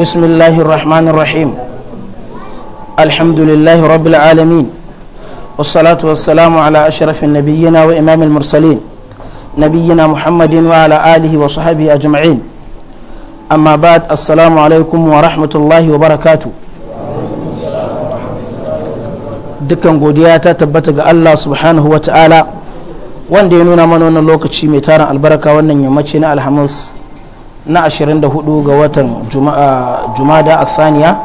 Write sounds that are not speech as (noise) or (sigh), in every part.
بسم الله الرحمن الرحيم الحمد لله رب العالمين والصلاة والسلام على أشرف النبيين وإمام المرسلين نبينا محمد وعلى آله وصحبه أجمعين أما بعد السلام عليكم ورحمة الله وبركاته dukkan godiya ta tabbata ga Allah subhanahu wa ta'ala wanda ya nuna mana wannan lokaci mai tarin albarka wannan yammaci na alhamis na 24 ga watan jumada asaniya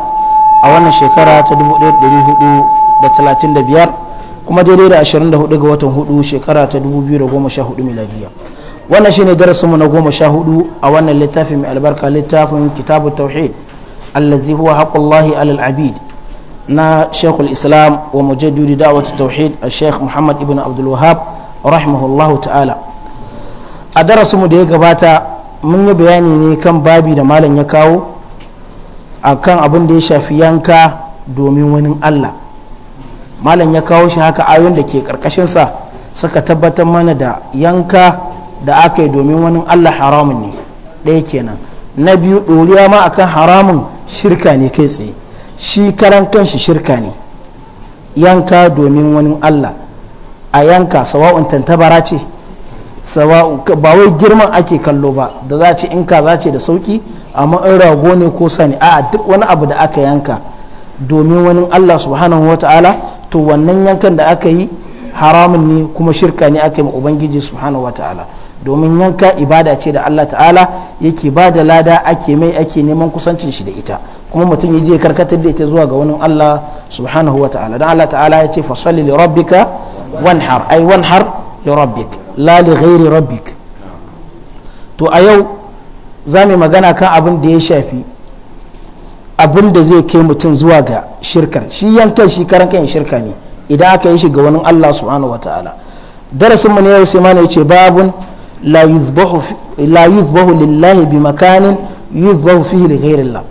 a wannan shekara ta 1435 kuma daidai da 24 ga watan 4 shekara ta 2014 miladiya wannan shine darasinmu na 14 a wannan littafin mai albarka littafin kitabu tauhid allazi huwa haqqullahi alal abid na shekul islam wa mujaddidi da'wat tauhid a sheikh muhammad ibn abdul wahab rahimahullahu ta'ala a darasinmu da ya gabata mun yi bayani ne kan babi da malam ya kawo a kan abin da ya shafi yanka domin wani allah malam ya kawo shi haka ayon da ke karkashinsa suka tabbatar mana da yanka da aka yi domin wani allah haramun ne ɗaya kenan na biyu ɗoriya ma akan haramun shirka ne kai tsaye shi karan kanshi shirka ne yanka domin wani allah a yanka sawa'un tantabara ce sawa'un ba wai girman ake kallo ba da za ce in kaza ce da sauki amma in rago ne ko sani a duk wani abu da aka yanka domin wani Allah subhanahu wa ta'ala to wannan yankan da aka yi haramun ne kuma shirka ne aka yi ma ubangiji subhanahu wa ta'ala domin yanka ibada ce da Allah ta'ala yake ba da lada ake mai ake neman kusancin shi da ita kuma mutum ya je karkatar da ita zuwa ga wani Allah subhanahu wa ta'ala dan Allah ta'ala ya ce fasali li rabbika wanhar ai wanhar li rabbika la li ghairi rabbik to a yau za mu magana kan abin da ya shafi abin da zai kai mutum zuwa ga shirkar shi yankan shi karan kan shirka ne idan aka yi shi ga wani Allah subhanahu wataala darasin mu ne yau sai mana yace babun la la yuzbahu lillahi bi makanin yuzbahu fihi li ghairillah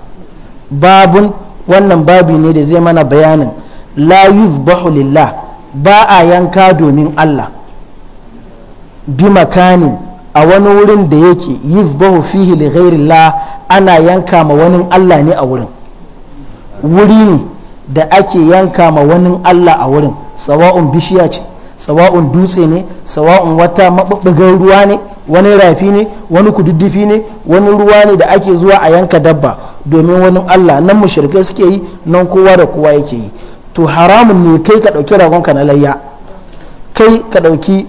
babun wannan babi ne da zai mana bayanin la yuzbahu lillah ba a yanka domin Allah bi makani a wani wurin da yake bahu fihi li la ana yanka ma wani Allah ne a wurin wuri ne da ake yanka ma wani Allah a wurin sawa'un bishiya ce sawa'un dutse ne sawa'un wata mabubbugan ruwa ne wani rafi ne wani kududdufi ne wani ruwa ne da ake zuwa a yanka dabba domin wani Allah nan shirka suke yi nan kowa da kowa yake yi to haramun ne kai ka dauki ragonka na layya kai ka dauki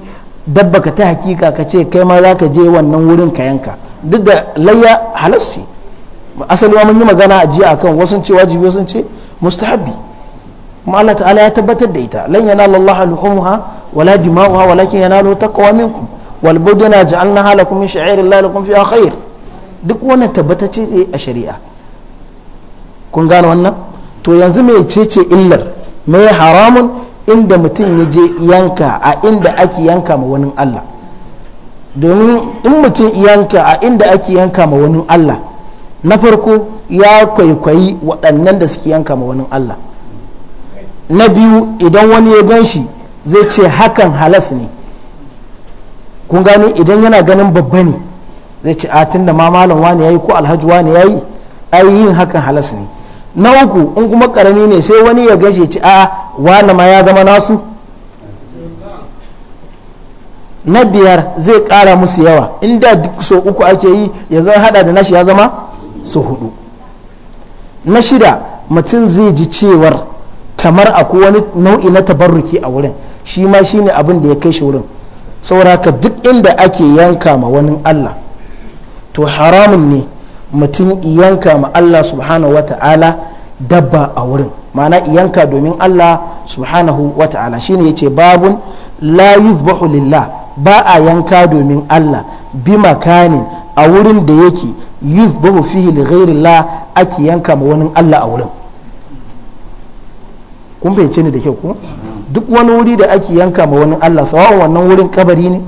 dabba ka ta hakika ka ce kai ma za ka je wannan wurin ka yanka duk da layya halas ce asali ma mun yi magana a jiya akan wasu ce wajibi wasu ce mustahabi kuma Allah ta'ala ya tabbatar da ita lan yanala Allah luhumha wala dima'uha walakin yanalu taqwa minkum wal budana ja'alnaha lakum min sha'irillah lakum fiha khair duk wannan tabbatacce ce a shari'a kun gane wannan to yanzu me ce ce illar me haramun inda mutum ya je yanka a inda ake yanka ma wani Allah domin in mutum yanka a inda ake yanka ma wani Allah na farko ya kwaikwayi waɗannan da suke yanka ma wani Allah na biyu idan wani ya gan shi zai ce hakan halas ne kun gani idan yana ganin babba ne zai ce a tun da ma malam wani ya yi ko alhaji wani ya yi ai yin hakan halas ne na uku in kuma karami ne sai wani ya gashe ci a wani ma ya zama nasu na biyar zai kara musu yawa inda duk so uku ake yi ya zama hada da nashi ya zama su hudu na shida mutum zai ji cewar kamar akwai wani nau'i na tabarruki a wurin shi ma shi ne abin da ya kai shi wurin sauraka duk inda ake yanka ma wani allah to haramun ne mutum iyanka ma Allah subhanahu ta'ala dabba a wurin ma'ana iyanka domin Allah subhanahu wa ne shine yace babun la yuzbahu lillah ba a yanka domin Allah bi makanin a wurin da yake yuzbahu fihi li la ake yanka ma wani Allah a wurin kun fahimce ni da kyau ko duk wani wuri da ake yanka ma wani Allah sawa'un wannan wurin kabari ne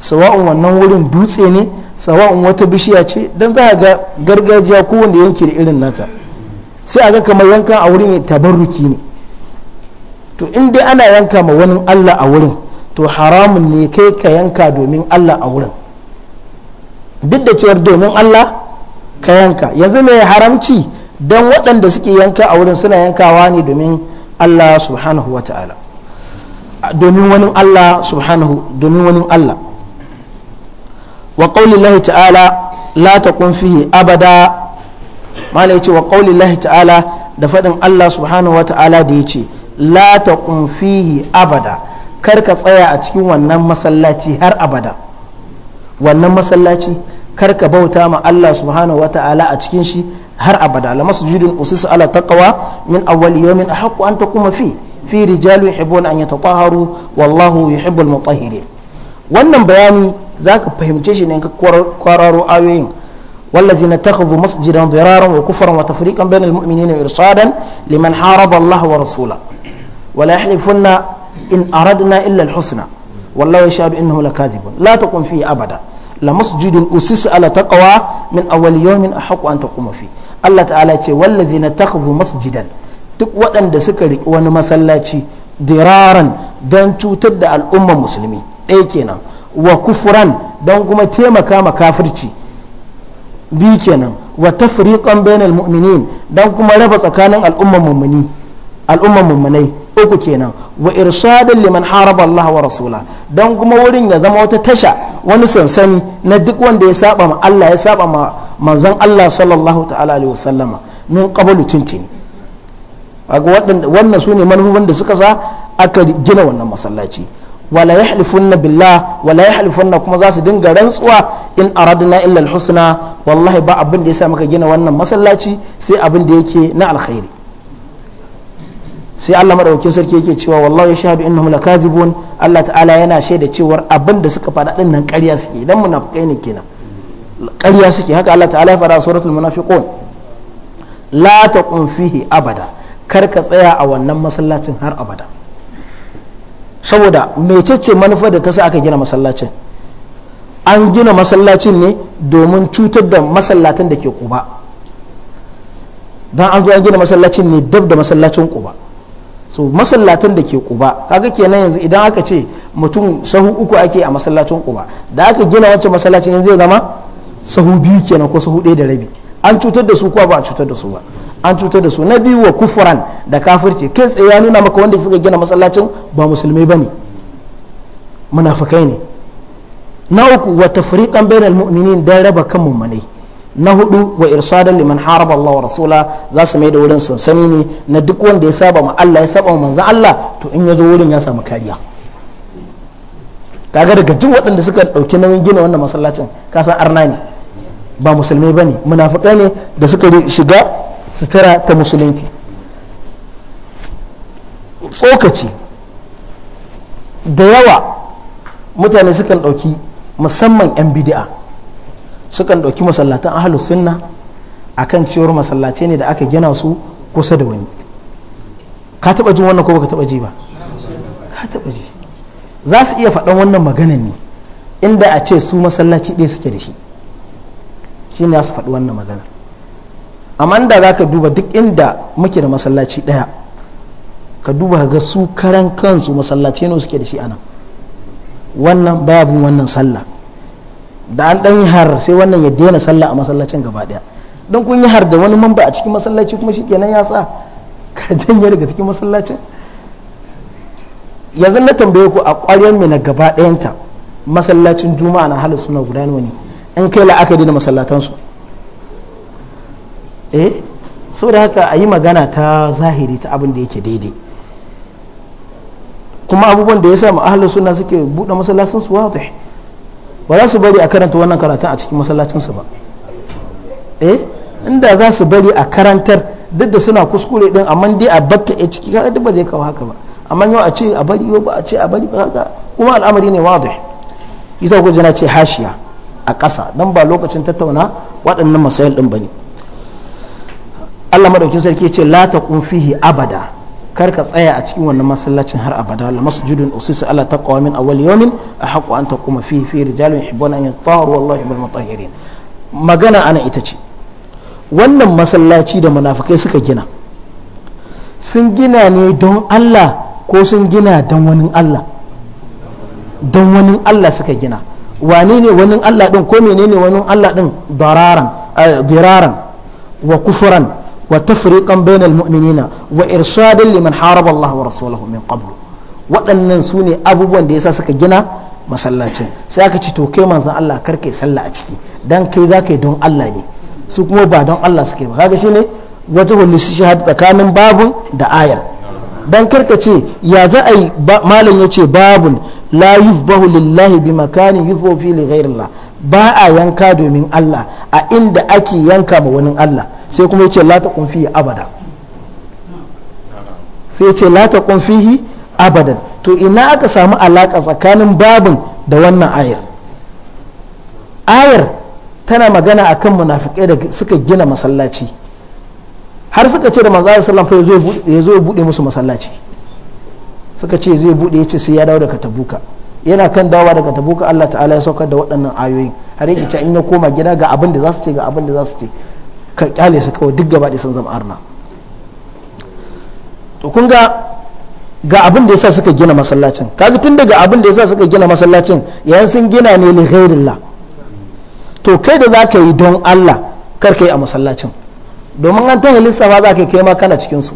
sawa'un wannan wurin dutse ne tsawon wata bishiya ce don za a ga gargajiya kowanne yanki da irin nata sai a ga kamar yanka a wurin tabarruki ne to in dai ana yanka ma wani allah a wurin to haramun ne kai ka yanka domin allah a wurin duk da cewar domin allah ka yanka yanzu mai haramci don waɗanda suke yanka a wurin suna yankawa ne domin allah subhanahu wa ta'ala domin wani allah subhanahu domin wani allah wa qaulillahi ta'ala la taqum fihi abada mala yace wa qaulillahi ta'ala da fadin Allah subhanahu da yace la taqum fihi abada kar ka tsaya a cikin wannan masallaci har abada wannan masallaci kar ka bauta ma Allah subhanahu wa ta'ala a cikin shi har abada la masjidun usisa ala taqwa min awwal yawmin ahqqu an takuma fi fi rijalun yuhibbuna an yatatahharu wallahu yuhibbul mutahhirin wannan bayani za ka fahimce shi ne ka kwararo ayoyin wallazi na ta hazu masjidan zuraren wa kufar wa tafrikan bayan al-mu'mini ne irsadan liman haraba Allah wa rasula wala yahlifunna in aradna illa al-husna wallahu yashhadu innahu lakadhibun la taqum fihi abada la masjidun usisa ala taqwa min awwal yawmin ahqu an taqum fi Allah ta'ala ce wallazi na ta hazu masjidan duk waɗanda suka riƙi wani masallaci diraran don cutar da al'ummar musulmi ɗaya kenan wa kufuran don kuma taimaka ma kafirci bi kenan wa tafriqan bainal mu'minin don kuma raba tsakanin al'umman mummuni al'umman mummunai uku kenan wa da liman haraba Allah wa rasula don kuma wurin ya zama wata tasha wani sansani na duk wanda ya saba ma Allah ya saba ma manzon Allah sallallahu ta'ala alaihi wasallama min qablu tuntini wannan sune ne manufofin da suka sa aka gina wannan masallaci wala halifunna billah wala halifunna kuma za su dinga rantsuwa in aradna illa alhusna wallahi ba abin da yasa maka gina wannan masallaci sai abin da yake na alkhairi sai Allah madaukakin sarki yake cewa wallahi yashhadu innahum lakathibun Allah ta'ala yana shaida cewa abin da suka faɗa din nan ƙarya suke idan munafikai ne kenan ƙarya suke haka Allah ta'ala ya faɗa suratul munafiqun la taqum fihi abada kar ka tsaya a wannan masallacin har abada saboda mecece manufar da ta sa aka gina masallacin an gina masallacin ne domin cutar da masallatan da ke kuba don an zo an gina masallacin ne dab da masallacin kuba so masallatan da ke kuba kaga kenan yanzu idan aka ce mutum sahu uku ake a masallacin kuba da aka gina wancan masallacin yanzu zai zama sahu biyu kenan ko sahu ɗaya da rabi an cutar da su kuwa ba a cutar da su ba an cutar da su na biyu wa kufuran da kafirci kai tsaye ya nuna maka wanda suka gina masallacin ba musulmai ne munafukai ne na uku wa tafriqan bainal mu'minin dan raba kan mummunai na hudu wa irsadan liman haraba Allah wa rasula za su mai da wurin sansani ne na duk wanda ya saba ma Allah ya saba manzon Allah to in ya zo wurin ya samu kariya kaga daga duk waɗanda suka ɗauki nauyin gina wannan masallacin kasan arna ne ba musulmai bane munafukai ne da suka shiga sutura ta musulunci tsokaci da yawa mutane sukan ɗauki musamman 'yan bidi'a sukan ɗauki masallatan ahalus sunna akan cewar masallace ne da aka gina su kusa da wani ka taɓa jin wannan ko baka taɓa ji ba ka taɓa ji za su iya faɗan wannan magana ne inda a ce su masallaci ɗaya suke da shi shi ne za su faɗi wannan magana amma da za ka duba duk inda muke da masallaci ɗaya ka duba ga su karan kansu masallaci ne suke da shi anan wannan babu wannan sallah da an ɗan yi har sai wannan ya daina sallah a masallacin gaba ɗaya don kun yi har da wani mamba a cikin masallaci kuma kenan ya sa ka (laughs) janye daga cikin masallacin yanzu na tambaye ku a ƙwaryar mai na gaba ɗayanta masallacin juma'a na halin suna guda ne in kai la'akari da masallatansu eh da haka a yi magana ta zahiri ta abin da yake daidai kuma abubuwan da ya sa ahalar suna suke buɗe masallacin su wata ba za su bari a karanta wannan karatun a cikin masallacin su ba eh inda za su bari a karantar duk da suna kuskure din amma dai a batta a ciki kaga duk ba zai kawo haka ba amma yau a ce a bari yau ba a ce a bari ba haka kuma al'amari ne wata yi sa jana ce hashiya a ƙasa don ba lokacin tattauna waɗannan ɗin ba ne. Allah madaukin sarki ya ce la taqum fihi abada kar ka tsaya a cikin wannan masallacin har abada la masjidun usisa ala taqwa min awwal yawmin ahqqu an taquma fihi fi rijalun yuhibbuna an yatahharu wallahi bil mutahhirin magana ana ita ce wannan masallaci da munafikai suka gina sun gina ne don Allah ko sun gina don wani Allah don wani Allah suka gina wane ne wani Allah din ko menene wani Allah din dararan eh, diraran wa kufuran وتفريقا بين المؤمنين وإرشادا لمن حارب الله ورسوله من قبل waɗannan su ne abubuwan da yasa suka gina masallacin sai aka ce to kai manzon Allah karkai sallah a ciki dan kai za yi don Allah ne su kuma ba don Allah suke ba kaga shine wata hulli su shahada tsakanin babun da ayar dan karka ce ya za a yi malam ya ce babun la yuzbahu lillahi bi makanin yuzbahu fi li ghairillah ba a yanka domin Allah a inda ake yanka ma wani Allah sai kuma ya ce lata kunfihi abada sai ya ce lata kunfihi abadan to ina aka samu alaka tsakanin babin da wannan ayar ayar tana magana akan munafikai da suka gina masallaci har suka ce da manzo Sallam fai ya zo ya buɗe musu masallaci suka ce zai ya ce sai ya dawo daga tabuka yana kan dawowa daga tabuka Allah ta'ala ya saukar da waɗannan ayoyin har yake ce in ya koma gida ga abin da za su ce ga abin da za su ce ka kyale su kawai duk gaba sun zama arna to kun ga ga abin da yasa suka gina masallacin kaga tun daga abin da yasa suka gina masallacin yayin sun gina ne li ghairillah to kai da zaka yi don Allah kar kai a masallacin domin an ta halissa ma zaka kai ma kana cikin su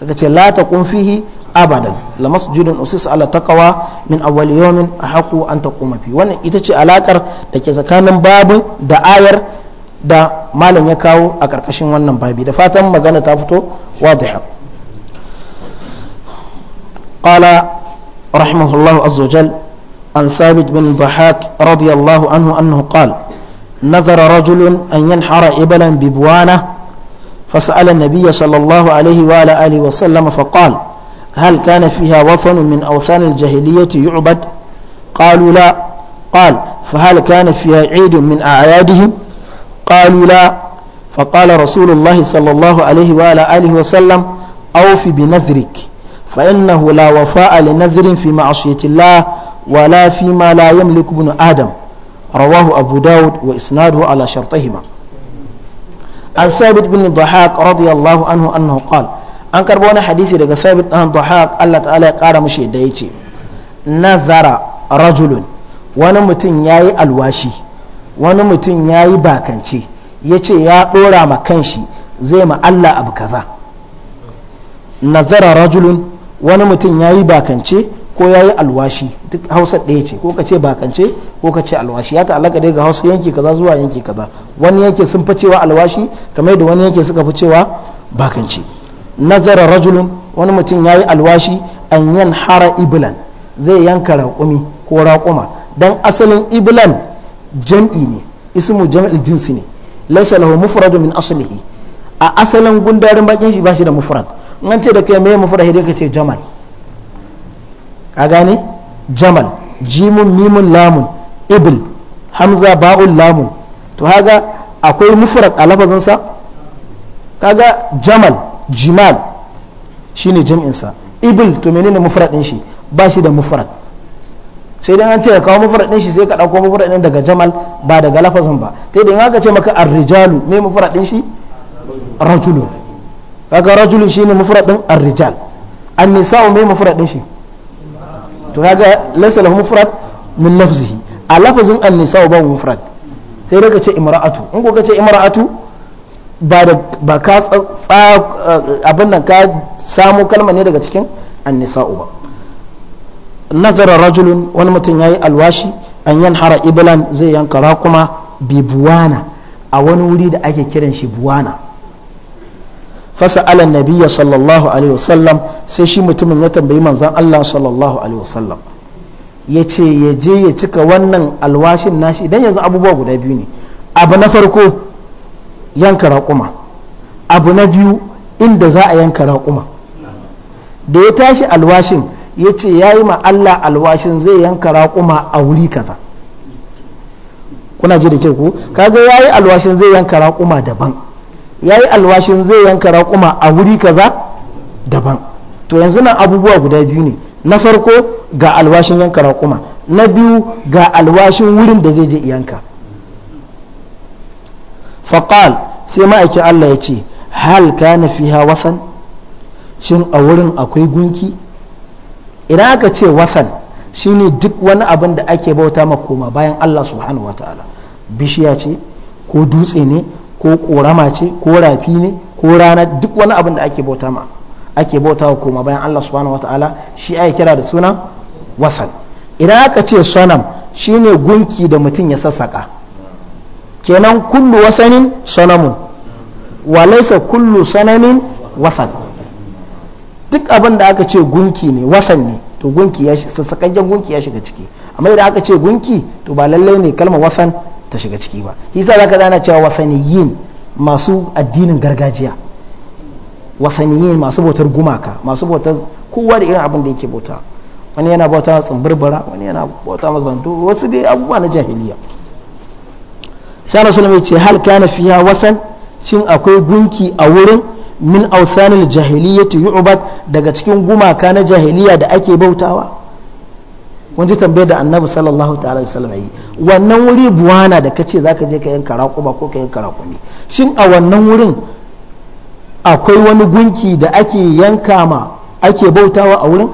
kaga ce la taqum fihi abadan la masjidun usis ala taqwa min awwal yawmin ahaqu an taquma fi wannan ita ce alakar da ke tsakanin babu da ayar da malam ya kawo a ƙarƙashin wannan babi da fatan magana ta fito wadiha qala rahimahullahu azza wajal an thabit bin dhahak radiyallahu anhu annahu qala نذر رجل أن ينحر إبلا ببوانة فسأل النبي صلى الله عليه وعلى آله وسلم فقال هل كان فيها وثن من أوثان الجاهلية يعبد قالوا لا قال فهل كان فيها عيد من أعيادهم قالوا لا فقال رسول الله صلى الله عليه وعلى آله وسلم أوف بنذرك فإنه لا وفاء لنذر في معصية الله ولا فيما لا يملك ابن آدم رواه أبو داود وإسناده على شرطهما عن ثابت بن الضحاك رضي الله عنه أنه قال an karbo wani hadisi daga sabit dan dhahaq Allah ta'ala ya kara mushi da yace nazara rajulun wani mutum yayi alwashi wani mutum ya yi bakance ya ce ya ɗora ma kanshi zai ma Allah abu kaza nazara rajulun wani mutum ya yi bakance ko ya yi alwashi duk hausa ɗaya ce ko ka ce bakance ko ka ce alwashi ya ta'allaka dai ga hausa yanki kaza zuwa yanki kaza wani yanki sun fi cewa alwashi kamar da wani yanki suka fi cewa bakance nazara rajulun wani mutum ya yi alwashi an yan hara iblan zai yanka raƙumi ko raƙuma don asalin iblan jam'i ne ismu jam'il jinsi ne laisa lahu mufradu min aslihi a asalin gundarin bakin shi ba da mufrad in an ce da kai mai mufrad sai kace jamal ka gane jamal jimun mimun lamun ibl hamza ba'ul lamun to haga akwai mufrad a lafazin sa kaga jamal jimal shine jam'in sa ibil to menene mufrad shi ba shi da mufrad sai dai an ce ka kawo mufradin shi sai ka dauko mufradin daga jamal ba daga lafazin ba sai dai aka ce maka ar-rijalu me mufradin shi rajulu kaga rajulu shine mufradin ar-rijal an-nisa'u me mufradin shi to kaga laysa lahu mafarad min lafzihi a lafazin an-nisa'u ba mafarad sai daga ce imra'atu in ko ce imra'atu ba da ba ka abin nan ka samu kalma ne daga cikin an-nisa'u ba nazara rajulun wani mutum ya yi alwashi an hara iblan zai yanka raƙuma bi buwana a wani wuri da ake kiran shi buwana fasa nabiya sallallahu alaihi wasallam sai shi mutumin ya tambayi manzan Allah sallallahu alaihi wasallam ya ce ya je ya cika wannan alwashin nashi idan yanzu abubuwa guda biyu ne abu na farko yanka raƙuma abu na biyu inda za a yanka raƙuma da ya tashi alwashin ya ce ya yi ma Allah alwashin zai yanka raƙuma a wuri kaza kuna ji da ke ku kaga ya yi alwashin zai yanka raƙuma daban ya yi alwashin zai yanka raƙuma a wuri kaza daban to yanzu nan abubuwa guda biyu ne na farko ga alwashin yanka raƙuma na biyu ga alwashin wurin da zai je yanka faƙal sai ma'aikin Allah ya ce hal kana fiha wasan shin a wurin akwai gunki idan aka ce wasan shine duk wani abin da ake bauta ma koma bayan Allah subhanahu wataala bishiya ce ko dutse ne ko korama ce ko rafi ne ko rana duk wani abin da ake bauta ma ake bauta wa koma bayan Allah subhanahu wataala shi ake kira da suna wasan idan aka ce sanam shine gunki da mutum ya sassaka kenan kullu wasanin sanamun walasa kullu sanamin wasan duk abin da aka ce gunki ne wasan ne to gunki ya sassaƙen gunki ya shiga ciki amma idan aka ce gunki to ba lallai ne kalmar wasan ta shiga ciki ba yasa zaka zana cewa wasaniyin masu addinin gargajiya wasaniyin masu bautar gumaka masu bautar kowa da irin abin da yake bauta wani yana bauta tsimbirbara wani yana bauta mazanto wasu dai abubuwa na jahiliya sai rasulullahi ce hal kana fiha wasan shin akwai gunki a wurin min authanil jahiliyyati yu'bad daga cikin gumaka na jahiliya da ake bautawa wanda tambayar da annabi sallallahu ta'ala wa sallam yi wannan wuri buwana da kace zaka je ka yanka raquba ko ka yanka raƙumi shin a wannan wurin akwai wani gunki da ake yanka ma ake bautawa a wurin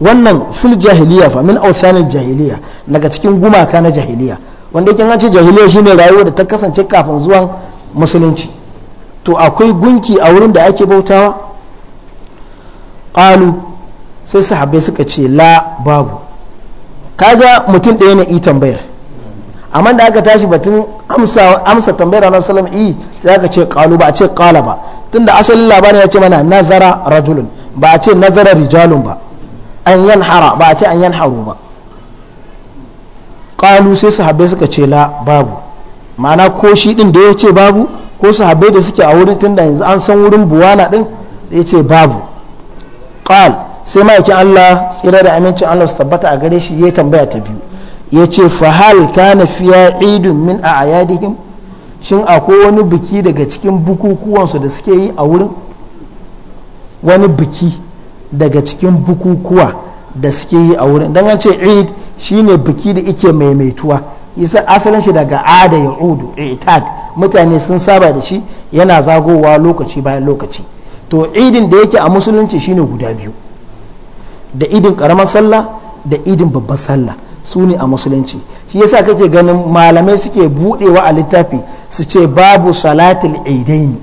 wannan fil jahiliya fa min authanil jahiliya daga cikin gumaka na jahiliya wanda yake an ce jahiliya shine rayuwar da ta kasance kafin zuwan musulunci to akwai gunki a wurin da ake bautawa ƙalu sai sahabbai suka ce la babu kaga mutum ɗaya na i tambayar amma da aka tashi batun amsa tambayar na salam i za ka ce ƙalu ba a ce ƙala ba tunda asalin labarin ya ce mana nazara rajulun ba a ce nazara rijalun ba an yan hara ba a ce an yan haru ba ƙalu sai sahabbai suka ce la babu ma'ana ko shi ɗin da ya ce babu ko sahabbai da suke a wurin da yanzu an san wurin buwana din ya ce babu qal sai ma'aikin Allah tsira da amincin Allah su tabbata a gare shi ya tambaya ta biyu ya ce fahal na fiya idun min a ayadihim shin akwai wani biki daga cikin bukukuwansu da suke yi a wurin wani biki daga cikin bukukuwa da suke yi a wurin don ce id shine biki da ike maimaituwa yasa asalin shi daga ada ya udu itad mutane sun saba da shi yana zagowa lokaci bayan lokaci to idin da yake a musulunci shine guda biyu da idin karamar sallah da idin babbar sallah su ne a musulunci shi yasa kake ganin malamai suke budewa a littafi su ce babu salatul idaini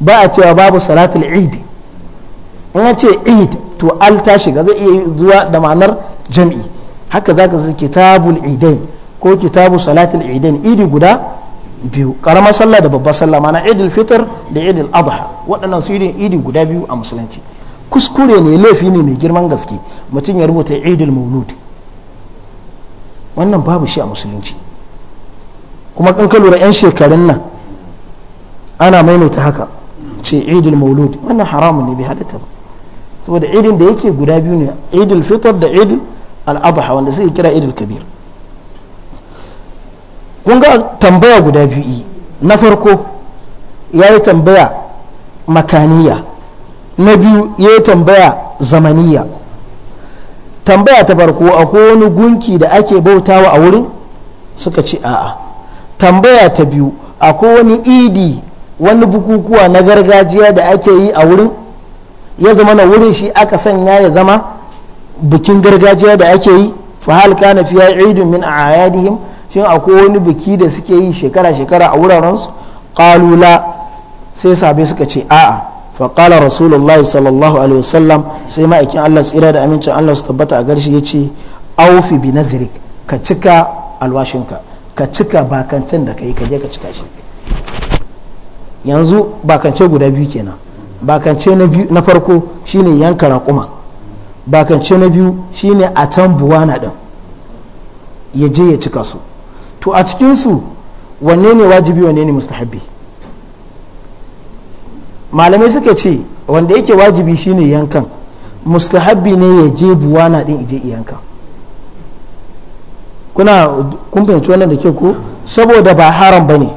ba a cewa babu salatul id in ce id to al ta shiga zai iya zuwa da ma'anar jam'i haka zaka zai kitabul idain ko kitabu salatul idain idi guda biyu karamar sallah da babbar sallah mana idil fitr da idil adha waɗannan su idin idi guda biyu a musulunci kuskure ne laifi ne mai girman gaske mutum ya rubuta idil maulud wannan babu shi a musulunci kuma kan ka lura 'yan shekarun nan ana maimaita haka ce idil maulud wannan haramun ne bai halatta ba saboda idin da yake guda biyu ne idil fitr da idil al'adha wanda suke kira idil kabir kun ga tambaya guda biyu na farko ya yi tambaya makaniya na biyu ya yi tambaya zamaniya tambaya ta farko akwai wani gunki da ake bautawa a wurin suka ce a'a tambaya ta biyu akwai wani idi wani bukukuwa na gargajiya da ake yi a wurin ya zama na wurin shi aka sanya ya zama bikin gargajiya da ake yi fa hal kana fiya idun min a'yadihim shin akwai wani biki da suke yi shekara-shekara a wurarensu kalula sai sabe suka ce a'a faƙalar rasulullahi sallallahu alaihi wasallam sai ma'aikin allah tsira da amincin allah su tabbata a garshi ya ce aufi bi nazirik ka cika alwashinka ka cika bakancin da ka yi ka je ka cika shi yanzu bakance guda biyu kenan bakance na farko shine yanka raƙuma bakance na biyu shine a can buwana din ya je ya cika su to a cikinsu wanne ne wajibi wanne ne mustahabi malamai suka ce wanda yake wajibi shine yankan mustahabi ne ya je buwana din ije iyanka kuna kun fahimci wannan da ke ko saboda ba haram ba ne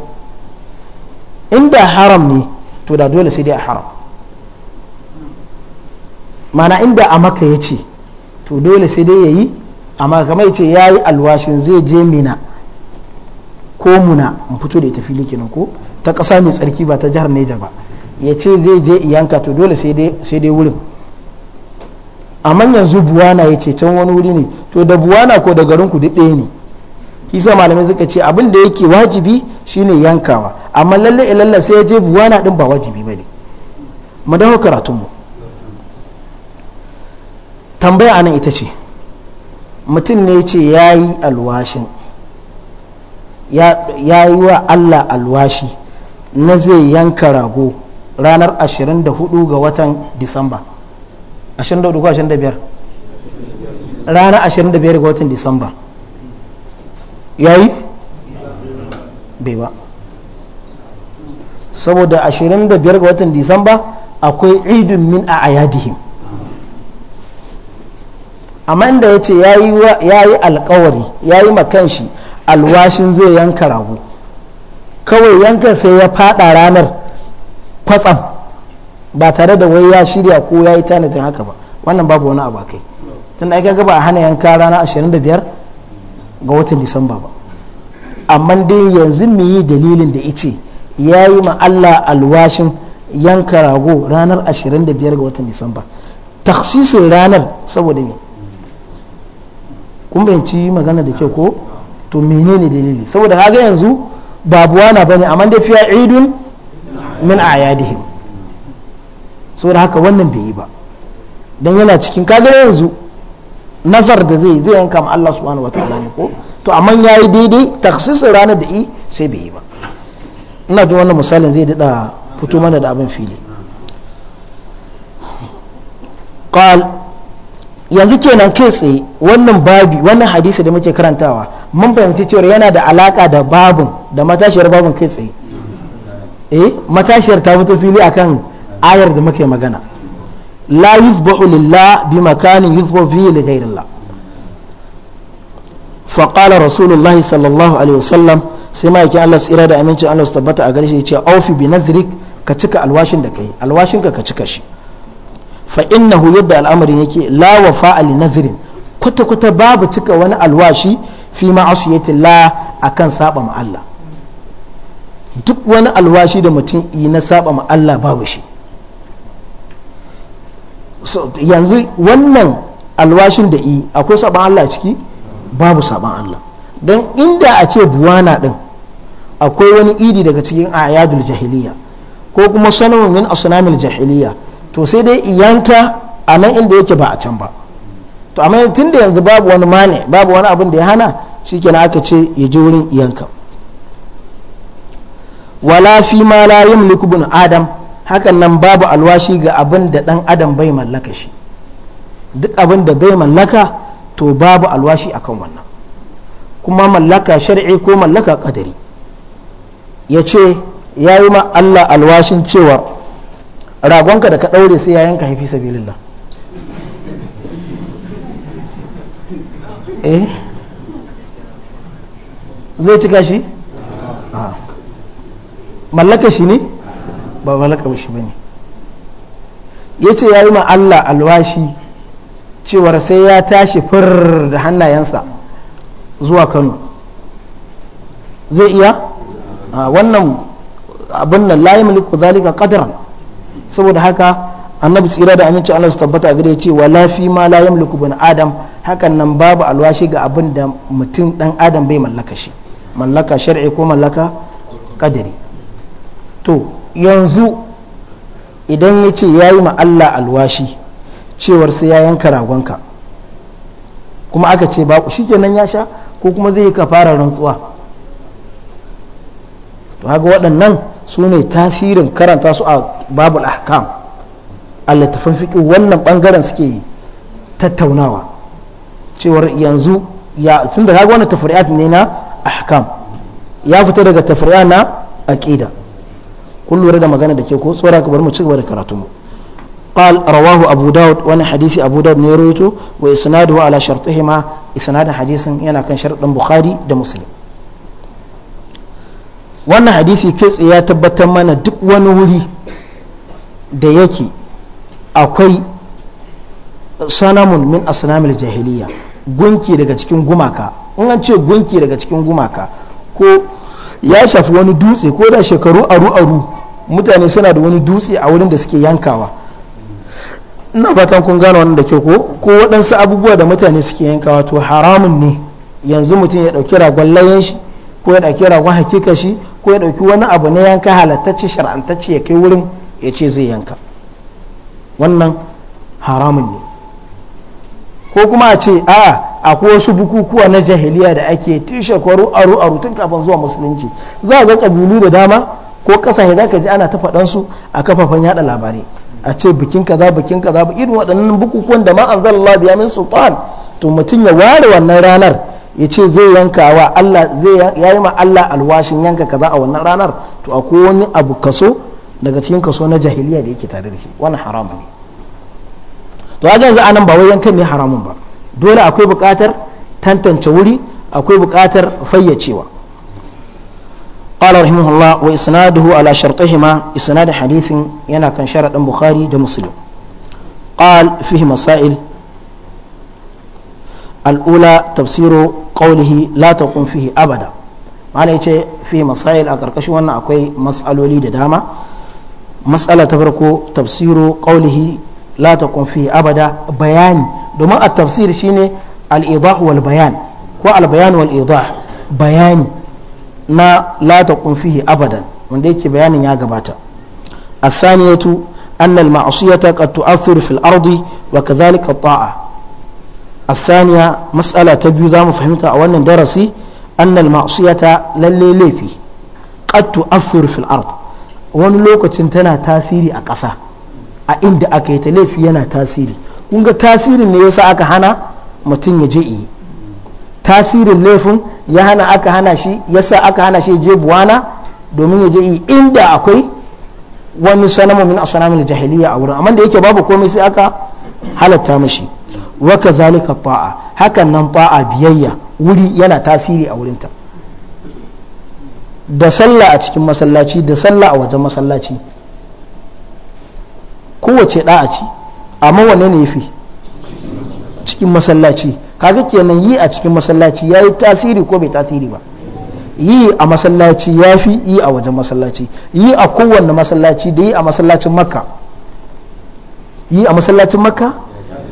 inda haram ne to da dole sai dai a haram mana inda a maka ya ce to dole sai dai ya yi amma kamar ya ce ya yi alwashin zai je mina ko muna in fito da ita fili kenan ko ta ƙasa mai tsarki ba ta jihar neja ba ya ce zai je yanka to dole sai dai wurin amma yanzu buwana ya ce can wani wuri ne to da buwana ko da garinku duk ɗaya ne kisa malamai suka ce abin da yake wajibi shine yankawa amma lalle ilalla sai ya je buwana din ba wajibi bane mu dawo karatun mu tambaya anan ita ce mutum ne ce yayi alwashin ya yi wa Allah alwashi na zai yanka rago ranar 24 ga watan disamba 24 ko 25 ranar 25 ga watan disamba ya yi? bai ba saboda 25 ga watan disamba akwai idun min a ayadihim amma inda ya ce ya yi alkawari ya yi makanshi alwashin zai yanka rago kawai yanka sai ya fada ranar kwatsam ba tare da wai ya shirya ko ya yi tanadin haka ba wannan babu wani abu kai tun ai kaga ba a hana yanka rana 25 ga watan disamba ba amma dai yanzu mu yi dalilin da ice ya yi ma Allah alwashin yanka rago ranar 25 ga watan disamba taksisin ranar saboda me kun bayanci magana da kyau ko to menene dalili saboda kaga yanzu babu wana bane amma dai fiya idun min ayadihim saboda haka wannan bai yi ba dan yana cikin kaga yanzu nazar da zai zai yanka ma Allah subhanahu wataala ne ko to amma yayi daidai taksisin ranar da i sai bai yi ba ina jin wannan misalin zai dada fito mana da abin fili قال yanzu kenan kai tsaye wannan babi wannan hadisi da muke karantawa mun fahimci cewa yana da alaka da babin da matashiyar babin kai tsaye eh matashiyar ta mutu fili akan ayar da muke magana la yuzbahu lillah bi makanin yuzbahu fi li ghairillah fa qala rasulullah sallallahu alaihi wasallam sai ma yake Allah tsira da amincin Allah su tabbata a gare shi ya ce aufi bi nadhrik ka cika alwashin da kai alwashin ka ka cika shi fa innahu yadda al'amarin yake la wafa fa'ali nazirin kwata kwata babu cika wani alwashi fi ma'asiyati la akan saba ma Allah duk wani alwashi da mutum yi na saba ma Allah babu shi yanzu wannan alwashin da yi akwai saban Allah ciki babu saban Allah don inda a ce buwana din akwai wani idi daga cikin ayadul jahiliya ko kuma sanawun min asnamil jahiliya to sai dai iyanka a nan inda yake ba a can ba to amma tun da yanzu babu wani mane babu wani abin da ya hana shikenan aka ce ya je wurin iyanka. wala fi ma la yamliku bin adam hakan nan babu alwashi ga abin da dan adam bai mallaka shi duk abin da bai mallaka to babu alwashi akan wannan kuma mallaka shar'i ko mallaka kadari ya ce ya yi ma Allah alwashin cewa ragonka da ka ɗaure sai ya yanka haifi sabilillah eh zai cika shi? Ah. mallaka shi ne? ba mallaka shi ba ne ya ce ya yi ma Allah alwashi cewar sai ya tashi fir da hannayensa zuwa kano zai iya? Ah, wannan abin nan layi mulku zalika qadran saboda haka annabi tsira da aminci Allah su tabbata a gare ce wala fi ma la yamliku bin adam hakan nan babu alwashi ga abin da mutum dan adam bai mallaka shi mallaka shar'i ko mallaka kadari to yanzu idan ya ce ya yi Allah alwashi cewar sai ya yanka ragonka kuma aka ce ba shi kenan ya sha ko kuma zai yi ka fara rantsuwa to haka waɗannan su ne tasirin karanta su a babul ahkam a littafin fiƙi wannan ɓangaren suke tattaunawa cewar yanzu ya tun da kaga wani tafri'at ne na ahkam ya fita daga tafri'a na aƙida kun lura da magana da ke ko tsora ka bar mu ci gaba da karatu mu قال رواه أبو داود وانا حديث أبو داود نيرويته وإسناده على شرطهما إسناد حديث ينا كان شرط بخاري ده مسلم wannan hadisi kai tsaye ya tabbatar mana duk wani wuri da yake akwai sanamun min asnamil jahiliya gunki daga cikin gumaka in an ce gunki daga cikin gumaka ko ya shafi wani dutse ko da shekaru aru-aru mutane suna da wani dutse a wurin da suke yankawa ina fatan kun gane wannan da ke ko ko waɗansu abubuwa da mutane suke yankawa to haramun ne yanzu mutum ya ɗauki ragon layan shi ko ya ɗauki ragon hakika shi ko ya ɗauki wani abu na yanka halattacce shar'antacce ya kai wurin ya ce zai yanka wannan haramun ne ko kuma a ce a akwai wasu bukukuwa na jahiliya da ake tun shekaru aru aru tun kafin zuwa musulunci za a ga kabilu da dama ko kasa za ka ji ana ta faɗansu a kafafen yada labarai a ce bikin kaza bikin kaza irin waɗannan bukukuwan da ma anzalallahu biya min sultan to mutum ya ware wannan ranar ya ce zai yanka wa Allah zai yayi ma Allah alwashin yanka kaza a wannan ranar to akwai wani abu kaso daga cikin kaso na jahiliya da yake tare da shi wannan haramun ne to a yanzu anan ba wai yankan ne haramun ba dole akwai buƙatar tantance wuri akwai buƙatar fayyacewa قال رحمه الله وإسناده على شرطهما إسناد حديث ينا كان شرط البخاري ده مسلم قال فيه مسائل al’ula tafsiro ƙaunihi latakun fihi abada ma'ana ya ce fi masail a ƙarƙashin wannan akwai matsaloli da dama matsala ta farko tafsiro ƙaunihi latakun fihi abada bayani domin a tafsir shi ne al’idah wal bayan ko al’bayan wal idah bayani na latakun fihi abadan wanda yake bayanin ya gabata a saniyatu annal ma'asiyata qad tu'athiru fil ardi wa kadhalika ta'a الثانية مسألة تبيو ذا مفهمتها أولا درسي أن المعصية للي ليفي laifi تؤثر في الأرض wani lokacin tana tasiri a ƙasa a inda aka yi ta laifi yana tasiri kun tasirin ne yasa aka hana mutum ya je yi tasirin laifin ya hana aka hana shi yasa aka hana shi ya je buwana domin ya je yi inda akwai wani sanamu a asanamin jahiliya a wurin amma da yake babu komai sai aka halatta mashi wa zalika ta'a hakan nan ta'a biyayya wuri yana tasiri a wurinta da sallah a cikin masallaci da sallah a wajen masallaci kowace da'a ce amma wane ne yafi cikin masallaci kaga kenan yi a cikin masallaci yayi tasiri ko bai tasiri ba yi a masallaci ya fi yi a wajen masallaci yi a kowanne masallaci da yi a masallacin makka yi a masallacin makka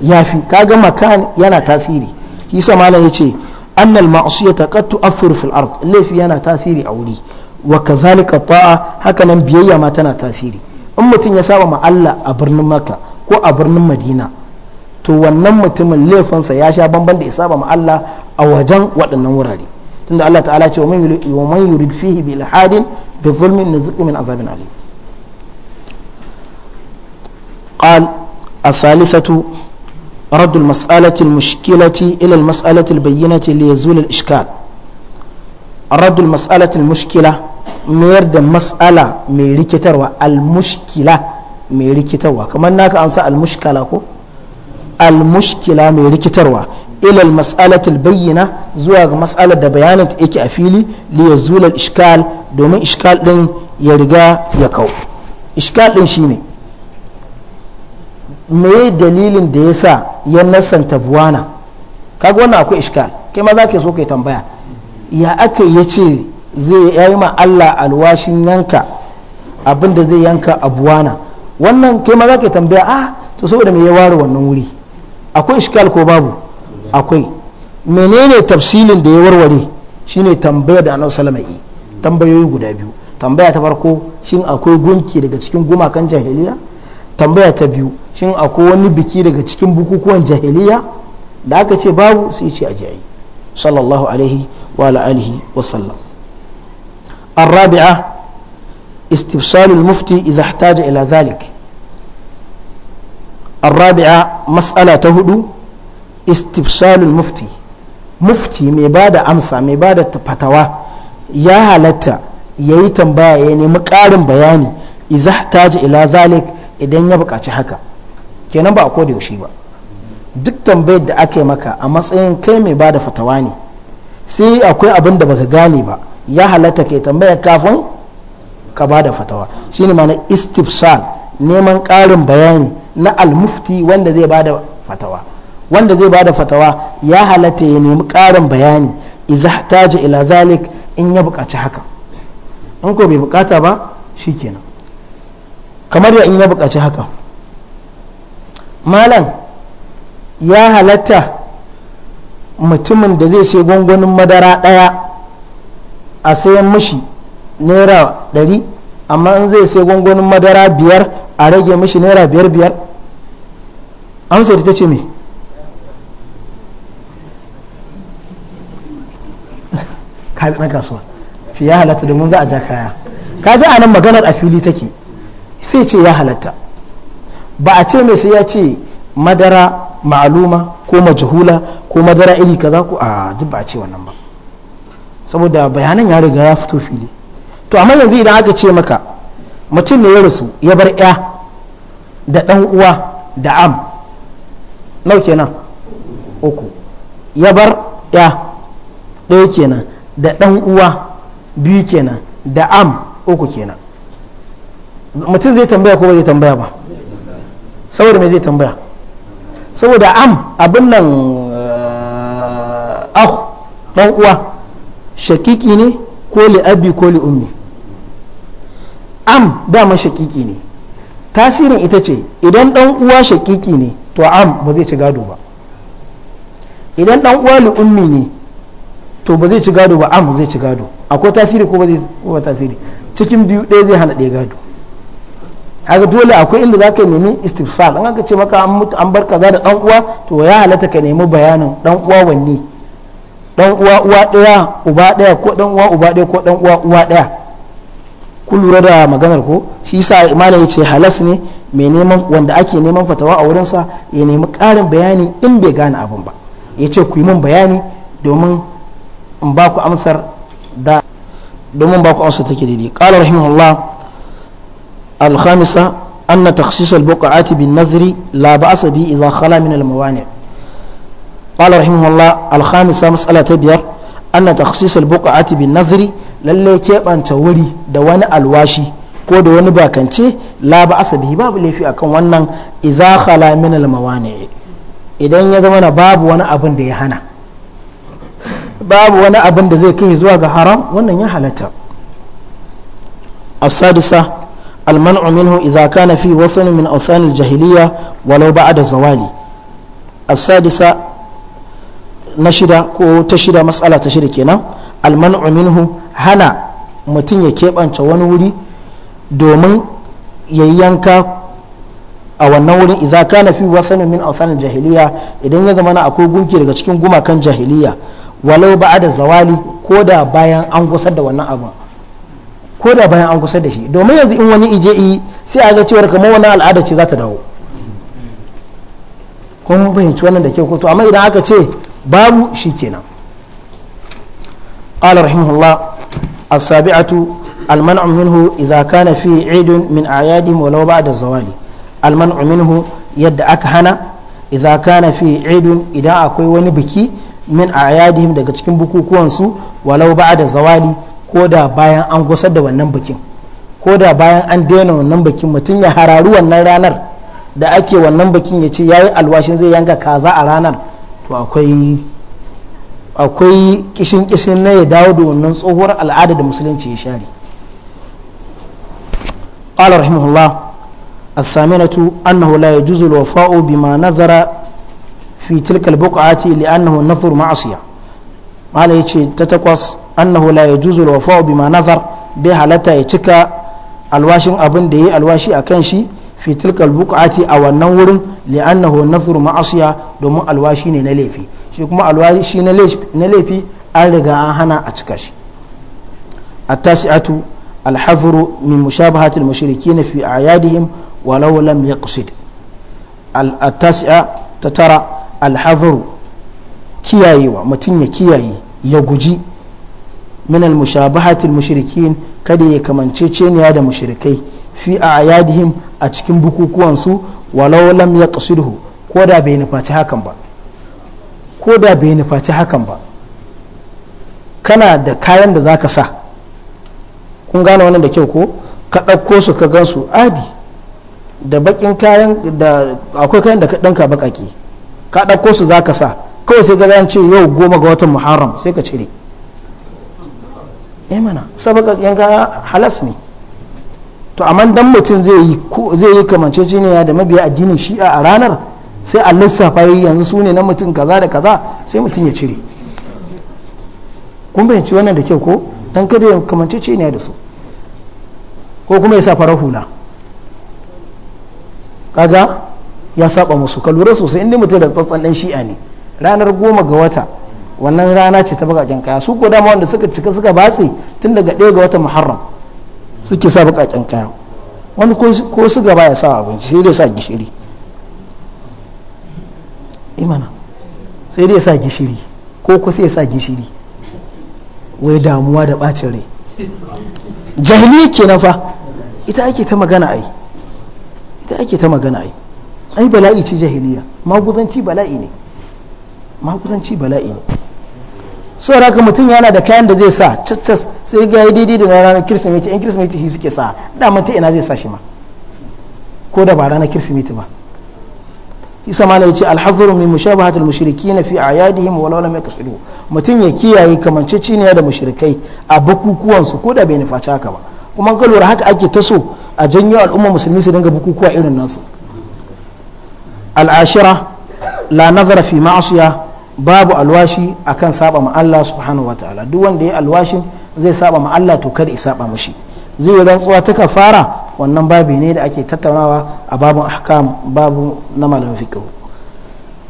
ya fi kaga makan yana tasiri shi sa malam ya ce annal ma'asiyata qad tu'affir fil ard laifi yana tasiri a wuri wa kadhalika ta'a haka nan biyayya ma tana tasiri in mutum ya saba ma Allah a birnin Makka ko a birnin Madina to wannan mutumin laifinsa ya sha bamban da ya saba ma Allah a wajen waɗannan wurare tunda Allah ta'ala ce wa man yurid fihi bi ilhadin bi zulmin na min azabin alim qal الثالثة رد المسألة المشكلة إلى المسألة البينة ليزول الإشكال رد المسألة المشكلة ميرد دا مسألة ميريكتر المشكلة ميريكتر كما أنك أنسى المشكلة كو المشكلة ميريكتر إلى المسألة البينة زواج مسألة دا بيانة إيكي أفيلي ليزول الإشكال دومي إشكال لن يرجع يكو إشكال لن شيني me dalilin da ya sa ya nasanta buwana kaga wannan akwai ishkal kai ma za ka so ka tambaya ya aka ya ce zai ya yi ma Allah alwashin yanka abin zai yanka a buwana wannan kai ma za ka tambaya a ah, to saboda me ya ware wannan wuri akwai ishkal ko babu akwai menene tafsilin da ya warware shine tambaya da annabi sallallahu alaihi tambayoyi guda biyu tambaya ta farko shin akwai gunki daga cikin gumakan jahiliya tambaya ta biyu shin akwai wani biki daga cikin bukukuwan jahiliya da aka ce babu sai ce ajiyayi sallallahu alaihi wa alihi wa sallam arabi'a mas'ala ta hudu istifsalul mufti mufti mai bada amsa mai bada fatawa ya halatta yayi tambaya ya nemi karin bayani idza ihtaja ila zalik idan ya buƙaci haka kenan ba a koda yaushe ba duk tambayar da ake maka a matsayin kai mai bada fatawa ne sai akwai abin da baka gane ba ya halatta kai tambaya kafin ka bada fatawa shine mana istifsal neman ƙarin bayani na almufti wanda zai bada fatawa wanda zai bada fatawa ya halatta ya nemi ƙarin bayani idza taja ila zalik in ya buƙaci haka in ko bai buƙata ba shi kenan. kamar da in ya bukaci haka malam ya halatta mutumin da zai sai gwangwanin madara daya a sayan mashi naira dari amma in zai sai gwangwanin madara biyar a rage mashi naira biyar biyar amsa da ta ce me (laughs) na kasuwa ce ya halatta domin za a ja kaya ka ji anan maganar a fili take sai ce ya halatta ba a ce mai sai ya ce madara ma'aluma ko majhula ko madara iri kaza ko a duk ba a ce wannan ba saboda bayanan ya riga ya fito fili to amma yanzu idan aka ce maka mutum ne ya rasu ya bar ya da dan uwa da am nau kenan uku ya bar ya ɗaya kenan da dan uwa biyu kenan da am uku kenan mutum zai tambaya ko ba zai tambaya ba saboda me zai tambaya saboda am abin nan eh, ahu dan uwa shakiki ne ko li abi ko li ummi am dama shakiki ne tasirin ita ce idan dan uwa shakiki ne to am ba zai ci gado ba idan dan uwa li ummi ne to ba zai ci gado ba am zai ci gado akwai tasiri ko ba zai tasiri cikin biyu ɗaya zai hana ɗaya gado haka dole akwai inda za ka nemi istifsal an aka ce maka an bar kaza da dan uwa to ya halatta ka nemi bayanin dan uwa wanne dan uwa uwa daya uba daya ko dan uwa uba daya ko dan uwa uwa daya ku lura da maganar ko shi yasa ya yace halas ne mai neman wanda ake neman fatawa a wurin sa ya nemi karin bayani in bai gane abin ba yace ku yi min bayani domin in ba ku amsar da domin ba ku amsar take daidai qala rahimahullah الخامسة أن تخصيص البقعات بالنذر لا بأس به إذا خلا من الموانع قال رحمه الله الخامسة مسألة تبير أن تخصيص البقعة بالنذر للي دوان الواشي ko da wani bakance la ba asabi laifi akan wannan idza khala min al idan ya zama na babu wani abin da ya hana babu wani abin da zai kai zuwa ga haram wannan ya halatta asadisa المنع منه إذا كان في وصل من shida الجاهلية ولو بعد الزوال السادسة نشد كو تشد مسألة تشد كنا المنع منه هنا متن يكيب أن تونولي دومن ييانكا a wannan wurin idza kana fi wasanin min awsan jahiliya idan ya zama akwai gunki daga cikin gumakan jahiliya walau da zawali ko da bayan an gusar da wannan abin ko da bayan an kusa da shi domin yanzu in wani ije yi sai a ga cewar kamar wani al'ada ce za ta dawo kuma mafi hinci wannan da ke kotu amma idan aka ce babu shi ke nan ala rahimu Allah a sabi a tu alman aminu iza ka na min a yadi molo ba da zawali alman aminu yadda aka hana iza ka na fi idun idan akwai wani biki min a yadi daga cikin bukukuwansu walau ba da zawali ko da bayan an gusar da wannan bikin ko da bayan an daina wannan bikin mutum ya hararu wannan ranar da ake wannan bikin ya ce ya yi alwashin zai yanka kaza a ranar to akwai akwai kishin kishin na ya dawo da wannan tsohuwar al'ada da musulunci ya share قال رحمه الله الثامنة أنه لا يجوز الوفاء بما نذر في تلك البقعة لأنه نذر معصية ما لا يجي تتقص annahu la yajuzu alwafa'u bima nazar bai halatta ya cika alwashin abin da yi alwashi kan shi fi tilkal buqati a wannan wurin li'annahu nazru ma'asiya domin alwashi ne na laifi shi kuma alwashi na laifi an riga an hana a cika shi التاسعة الحذر من مشابهة المشركين في أعيادهم ولو لم يقصد التاسعة تترى الحذر كياي ومتن ya guji. min al-mushabahatil mushrikin kada ya kamance ceniya da mushrikai fi a'yadihim a cikin bukukuwan su walau lam yaqsidhu ko da bai nufaci hakan ba ko da bai nufaci hakan ba kana da kayan da zaka sa kun gane wannan da kyau ko ka ɗauko su ka gan su adi da bakin kayan da akwai kayan da ka ɗanka baƙaƙe ka ɗauko su zaka sa kawai sai ga yau goma ga watan muharram sai ka cire eh mana kaya halas ne to amma dan mutum zai yi zai yi da mabiya addinin shi'a a ranar sai a lissafa yanzu su ne na mutum kaza da kaza sai mutum ya cire kun fahimci wannan da kyau ko dan kada ya da su ko kuma ya sa farar hula kaga ya saba musu ka lura sosai inda mutum da tsatsan dan shi'a ne ranar goma ga wata wannan rana ce ta bakaken kaya su ko dama wanda suka cika suka batse tun daga ɗaya ga watan muharram suke sa bakaken kaya wani ko su gaba ya sa abinci sai dai sa gishiri imana eh sai dai sa gishiri ko kusa ya sa gishiri wai damuwa da bacin rai jahili ke kenan fa ita ake ta magana ai ita ake ta magana ai ai bala'i ce jahiliya maguzanci bala'i ne maguzanci bala'i ne saboda haka mutum yana da kayan da zai sa cacas sai ga yi daidai da ranar kirsimeti in kirsimeti shi suke sa da ta ina zai sa shi ma ko da ba ranar kirsimeti ba isa ma ya ce alhazuru min mushabahatul na fi ayadihim walau lam yaqsidu mutum ya kiyaye kamance ne da mushrikai a bukukuwansu ko da bai nufa haka ba kuma ka haka ake taso a janyo al'umma musulmi su dinga bukukuwa irin nasu al'ashira la nazara fi ma'asuya. babu alwashi akan saba ma Allah subhanahu wataala duk wanda ya alwashin zai saba ma Allah to kada ya saba mashi zai yi rantsuwa ta kafara wannan babi ne da ake tattaunawa a babun ahkam babu na malam fiqh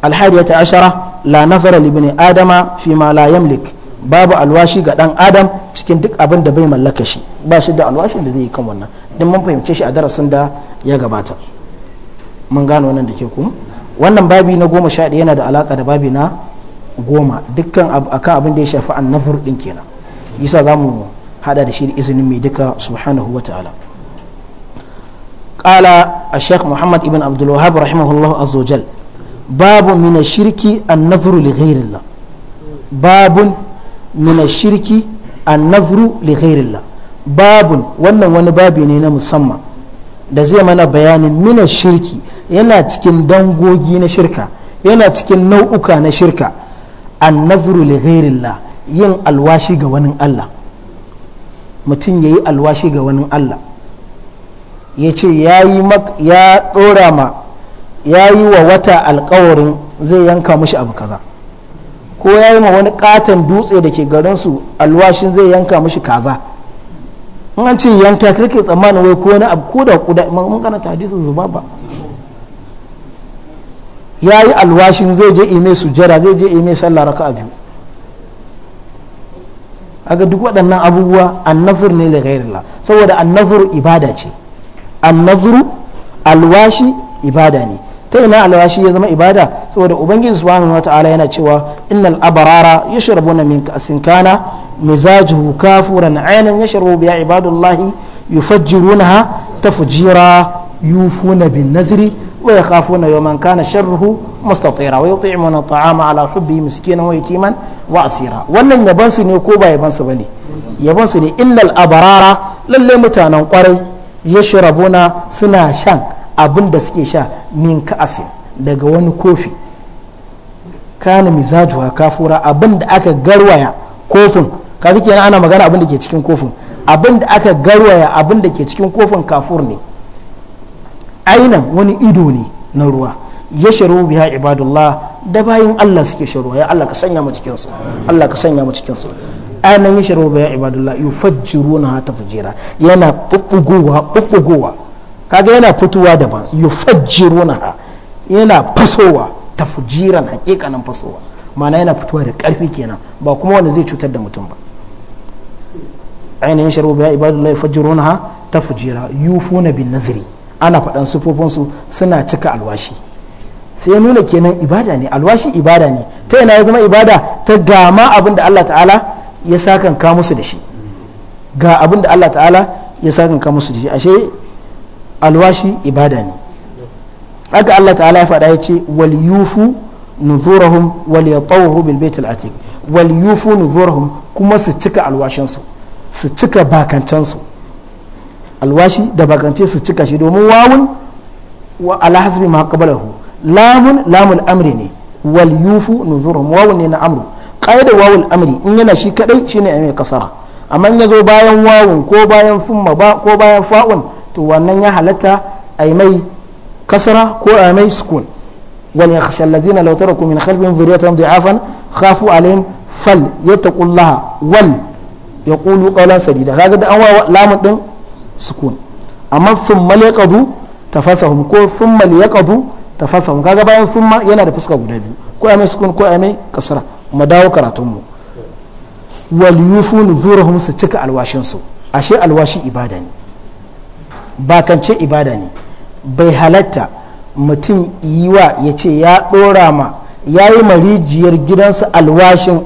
alhadiyata ashara la li ibni adama fi ma la yamlik babu alwashi ga dan adam cikin duk abin da bai mallaka shi ba shi da alwashin da zai yi kan wannan din mun fahimce shi a darasin da ya gabata mun gano wannan da ke ku wannan babi na goma sha yana da alaka da babi na goma dukkan akan abin da ya shafi an annafur din kenan yasa za mu hada da shi da izinin mai duka subhanahu wa ta'ala ƙala a shek muhammad ibn abdul rahimahullahu rahimahullah azza babu mina shirki an nafuru li ghayrillah babun mina shirki an li babun wannan wani babi ne na musamman da zai mana bayanin mina shirki yana cikin dangogi na shirka yana cikin nau'uka na shirka annazuru li ghairillah yin alwashi ga wani Allah mutum ya yi alwashi ga wani Allah ya ce ya yi ya ɗora ma ya yi wa wata alkawarin zai yanka mushi abu kaza ko ya yi ma wani katon dutse da ke garinsu alwashin zai yanka mushi kaza in an ce yanka kirki tsammanin wai ko wani abu ko da kuda mun kana hadisin zuba ba ya yi alwashin zai je ime sujjada zai je ime sallah raka a biyu aga duk waɗannan abubuwa annazur ne da ghairillah saboda annazur ibada ce annazuru alwashi ibada ne ta ina alwashi ya zama ibada saboda ubangiji subhanahu wa ta'ala yana cewa innal abarara yashrabuna min ka'sin kana mizajuhu kafuran aynan yashrabu biya ibadullahi yufajjirunaha tafjira yufuna bin nazri wa ويخافون يوما كان شره مستطيرا ويطعمون الطعام على حبه مسكينا wa asira wannan yaban su ne ko ba yaban su bane yaban su ne illal abarara lalle mutanen kwarai yashrabuna suna shan abin da suke sha min ka'asin daga wani kofi kana mizajuwa kafura abinda aka garwaya kofin kaji kenan ana magana abinda ke cikin kofin abinda aka garwaya abinda ke cikin kofin kafur ne ainan wani ido ne na ruwa ya shiru biya ibadullah da bayan Allah suke shiru ya Allah ka sanya mu cikin su Allah ka sanya mu cikin su anan ya shiru biya ibadullah yufajjiruna tafjira yana bubbugowa bubbugowa kaga yana fitowa daban yufajjiruna yana fasowa tafjiran hakikanin fasowa ma'ana yana fitowa da karfi kenan ba kuma wanda zai cutar da mutum ba ainihin shiru biya ibadullah yufajjiruna tafjira yufuna bin nazari. ana faɗan sufofinsu suna cika alwashi sai ya nuna kenan ibada ne alwashi ibada ne ta yana ya zama ibada ta gama abin da Allah ta'ala ya sakan ka musu da shi ga abin da Allah ta'ala ya sakan ka musu da shi ashe alwashi ibada ne haka Allah ta'ala ya faɗa ya ce wal yufu nuzurahum wal bil baitil atiq wal yufu nuzurahum kuma su cika alwashin su su cika bakancansu alwashi da bakance su cika shi domin wawun wa ala hasbi ma qabalahu lamun lamul amri ne wal yufu nuzurum wawun ne na amru qaida wawul amri in yana shi kadai shine mai kasara amma ya zo bayan wawun ko bayan summa ba ko bayan fa'un to wannan ya halatta ai mai kasara ko ai mai sukun wal yakhsha alladhina law taraku min khalfihim dhurriyatan dha'afan khafu alaihim fal yattaqullaha wal yaqulu qawlan sadida kaga da an wa lamun din sukun amma thumma liqadu tafasahum ko thumma liqadu tafasahum kaga bayan summa yana da fuska guda biyu ko mai sukun ko mai kasra mu dawo karatunmu. mu wal yufu nuzurahum su cika alwashin ashe alwashi ibada ne ba kance ibada ne bai halatta mutum yi wa ya ce ya dora ma ya yi marijiyar gidansa alwashin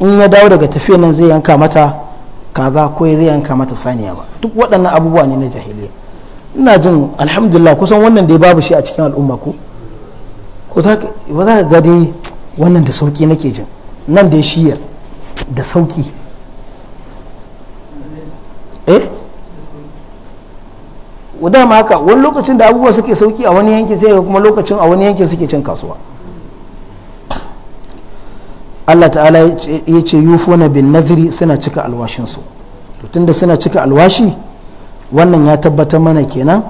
in ya dawo daga tafiya nan zai yanka mata kaza ko zai yanka mata saniya ba duk waɗannan abubuwa ne na jahiliya ina jin alhamdulillah kusan wannan ya babu shi a cikin al'umma ko ko za ka ga dai wannan da sauki nake jin nan da ya shiyar da sauki eh ma haka wani lokacin da abubuwa suke sauki a wani yankin sai kuma lokacin a wani yankin suke cin kasuwa Allah ta'ala ya ce yufuna bin naziri suna cika alwashinsu to tunda suna cika alwashi wannan ya tabbatar mana kenan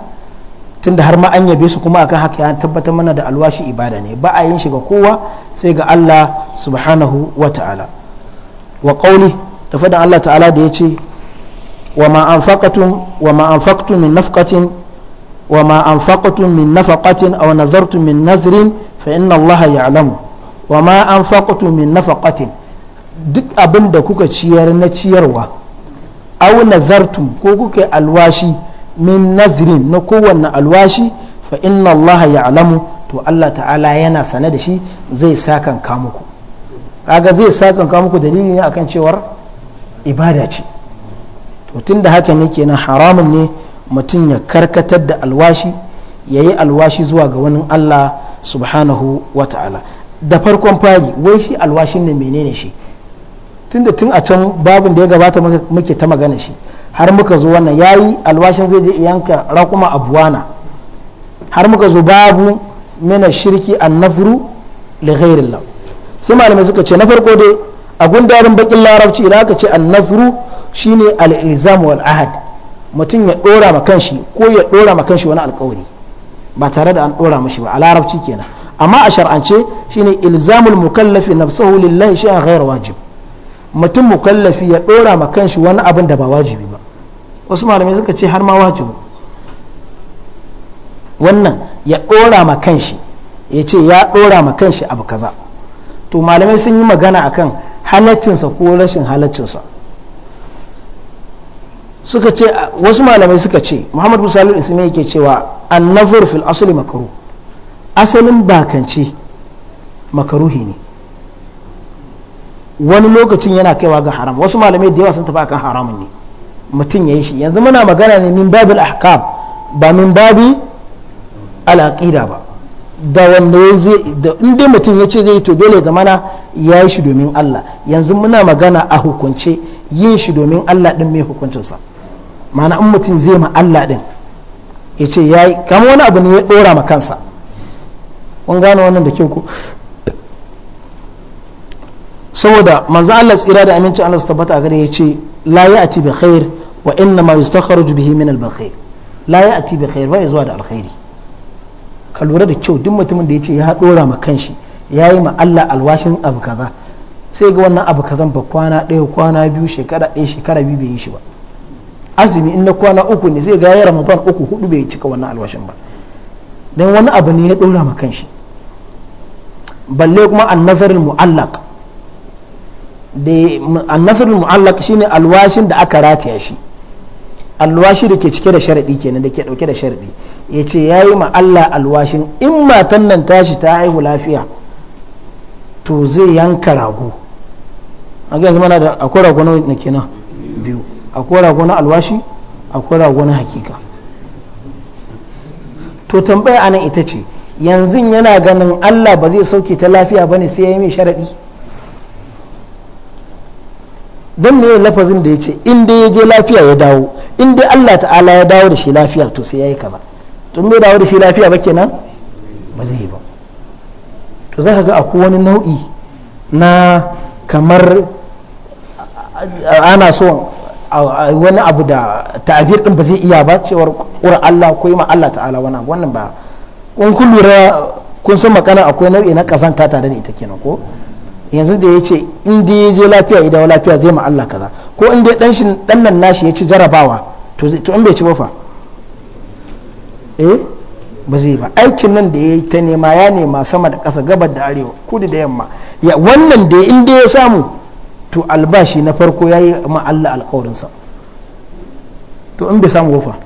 tunda har ma an yabe su kuma akan haka ya tabbata mana da alwashi ibada ne ba a yin shi ga kowa sai ga Allah subhanahu wa ta'ala wa qawli da fadan Allah ta'ala da ya wa ma anfaqatum wa ma anfaqtum min nafqatin wa ma anfaqtum min nafaqatin aw nazartum min nazrin fa inna Allah ya'lamu wa ma an faƙatu min nafaqatin duk abin da kuka ciyar na ciyarwa au nazartum ko kuka alwashi min nazirin na kowanne alwashi fa inna Allah ya alamu to Allah ta'ala yana sane da shi zai sakan ka kaga zai sakan kamuku muku dalili ne akan cewar ibada ce to tun da haka ne kenan haramun ne mutum ya karkatar da alwashi ya yi alwashi zuwa ga wani Allah subhanahu wa ta'ala da farkon fari wai shi alwashin ne menene shi tun da tun a can babin da ya gabata muke ta magana shi har muka zo wannan yayi alwashin zai je yanka rakuma abuwana har muka zo babu mina shirki an annafru li ghairillah sai malamai suka ce na farko dai a gundarin bakin larabci idan aka ce annafru shine al-ilzam wal ahad mutum ya dora ma kanshi ko ya dora ma kanshi wani alkawari ba tare da an dora mashi ba a larabci kenan amma a shar'ance shine ilzamul mukallafi nafsahu lillahi shay'an ghayr wajib mutum mukallafi ya dora ma kanshi wani abin da ba wajibi ba wasu malamai suka ce har ma wajibu wannan ya dora ma kanshi ya ce ya dora ma kanshi abu kaza to malamai sun yi magana akan halaccinsa ko rashin halaccinsa suka ce wasu malamai suka ce muhammad musalil ismail yake cewa annazur fil asali makruh asalin bakance makaruhi ne wani lokacin yana kaiwa ga haram wasu malamai da yawa sun tafi akan haramun ne mutum ya yi shi yanzu muna magana ne min babil ahkam ba min babi al'aqida ba da wanda ya zai da inda mutum ya ce zai to dole zamana ya yi shi domin Allah yanzu muna magana a hukunce yin shi domin Allah din mai hukuncinsa ma'ana in mutum zai ma Allah din ya ce ya yi kama wani abu ne ya ɗora ma kansa mun gane wannan da kyau ko saboda manzo Allah tsira da amincin Allah su tabbata a gare ya ce la ya'ti bi khair wa inna ma yustakhraju bihi min al bakhil la ya'ti bi khair ba zuwa da alkhairi ka lura da kyau duk mutumin da ya ce ya dora ma kanshi yayi ma Allah alwashin abu kaza sai ga wannan abu kazan ba kwana ɗaya kwana biyu shekara ɗaya shekara biyu bai yi shi ba azumi in na kwana uku ne zai ga ya ramadan uku hudu bai cika wannan alwashin ba dan wani abu ne ya dora ma kanshi balle kuma annazarin mu'allaq da annazarin mu'allaq shine alwashin da aka rataya shi alwashi da ke cike da sharaɗi kenan da ke ɗauke da sharaɗi ya ce ya yi ma Allah alwashin in matan nan tashi ta haihu lafiya to zai yanka rago a yanzu mana da akwai rago na kenan biyu akwai rago na alwashi akwai rago na hakika to tambaya anan ita ce yanzu yana ganin Allah ba zai sauke ta lafiya ba ne sai ya yi mai sharaɗi don ne lafazin da ya ce in dai ya je lafiya ya dawo in dai Allah ta'ala ya dawo da shi lafiya to sai ya yi kaza tun bai dawo da shi lafiya ba kenan ba zai yi ba to za ka ga akwai wani nau'i na kamar ana so wani abu da ta'abir din ba zai iya ba cewar ƙura Allah ko yi ma Allah ta'ala wannan ba kun kun lura kun san makana akwai nau'i na kazanta tare da ita kenan ko yanzu da ya ce in dai ya je lafiya idan lafiya zai ma Allah kaza ko in dai dan dan nan nashi ya ci jarabawa to to in bai ci ba fa eh ba zai ba aikin nan da ya yi ta nema ya nema sama da ƙasa gabar da arewa kudu da yamma ya wannan da in dai ya samu to albashi na farko ya yi ma Allah alƙawarinsa to in bai samu fa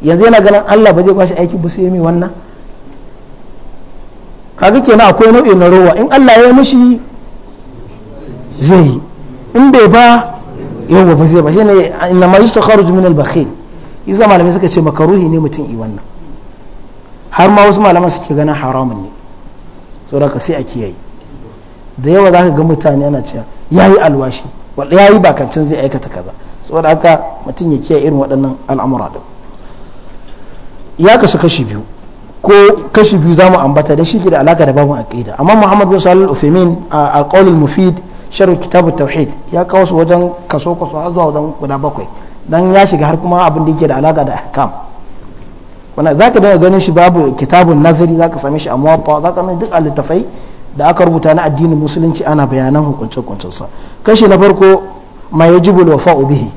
yanzu yana ganin Allah ba zai ba shi aiki ba sai ya mai wannan kaga kenan akwai nau'i na rowa in Allah ya mishi zai yi in bai ba yau ba zai ba ne inna ma yustakharuj min al-bakhil iza malamai suka ce makaruhi ne mutum i wannan har ma wasu malaman suke ganin haramun ne saboda ka sai a kiyaye da yawa zaka ga mutane ana cewa yayi alwashi wanda yayi bakancin zai aikata kaza saboda haka mutum ya kiyaye irin waɗannan al'amura din ya kasu kashi biyu ko kashi biyu za mu ambata da shi ke da alaka da babu aqida amma muhammad bin salih uthaymin a alqaulul mufid sharh kitab tauhid ya kawo su wajen kaso kaso har zuwa wajen guda bakwai dan ya shiga har kuma abin da yake da alaka da ahkam wannan zaka daga ganin shi babu kitabun nazari zaka same shi a muwatta zaka mai duk littafai da aka rubuta na addinin musulunci ana bayanan hukunce hukuncen sa kashi na farko ma yajibu al-wafa'u bihi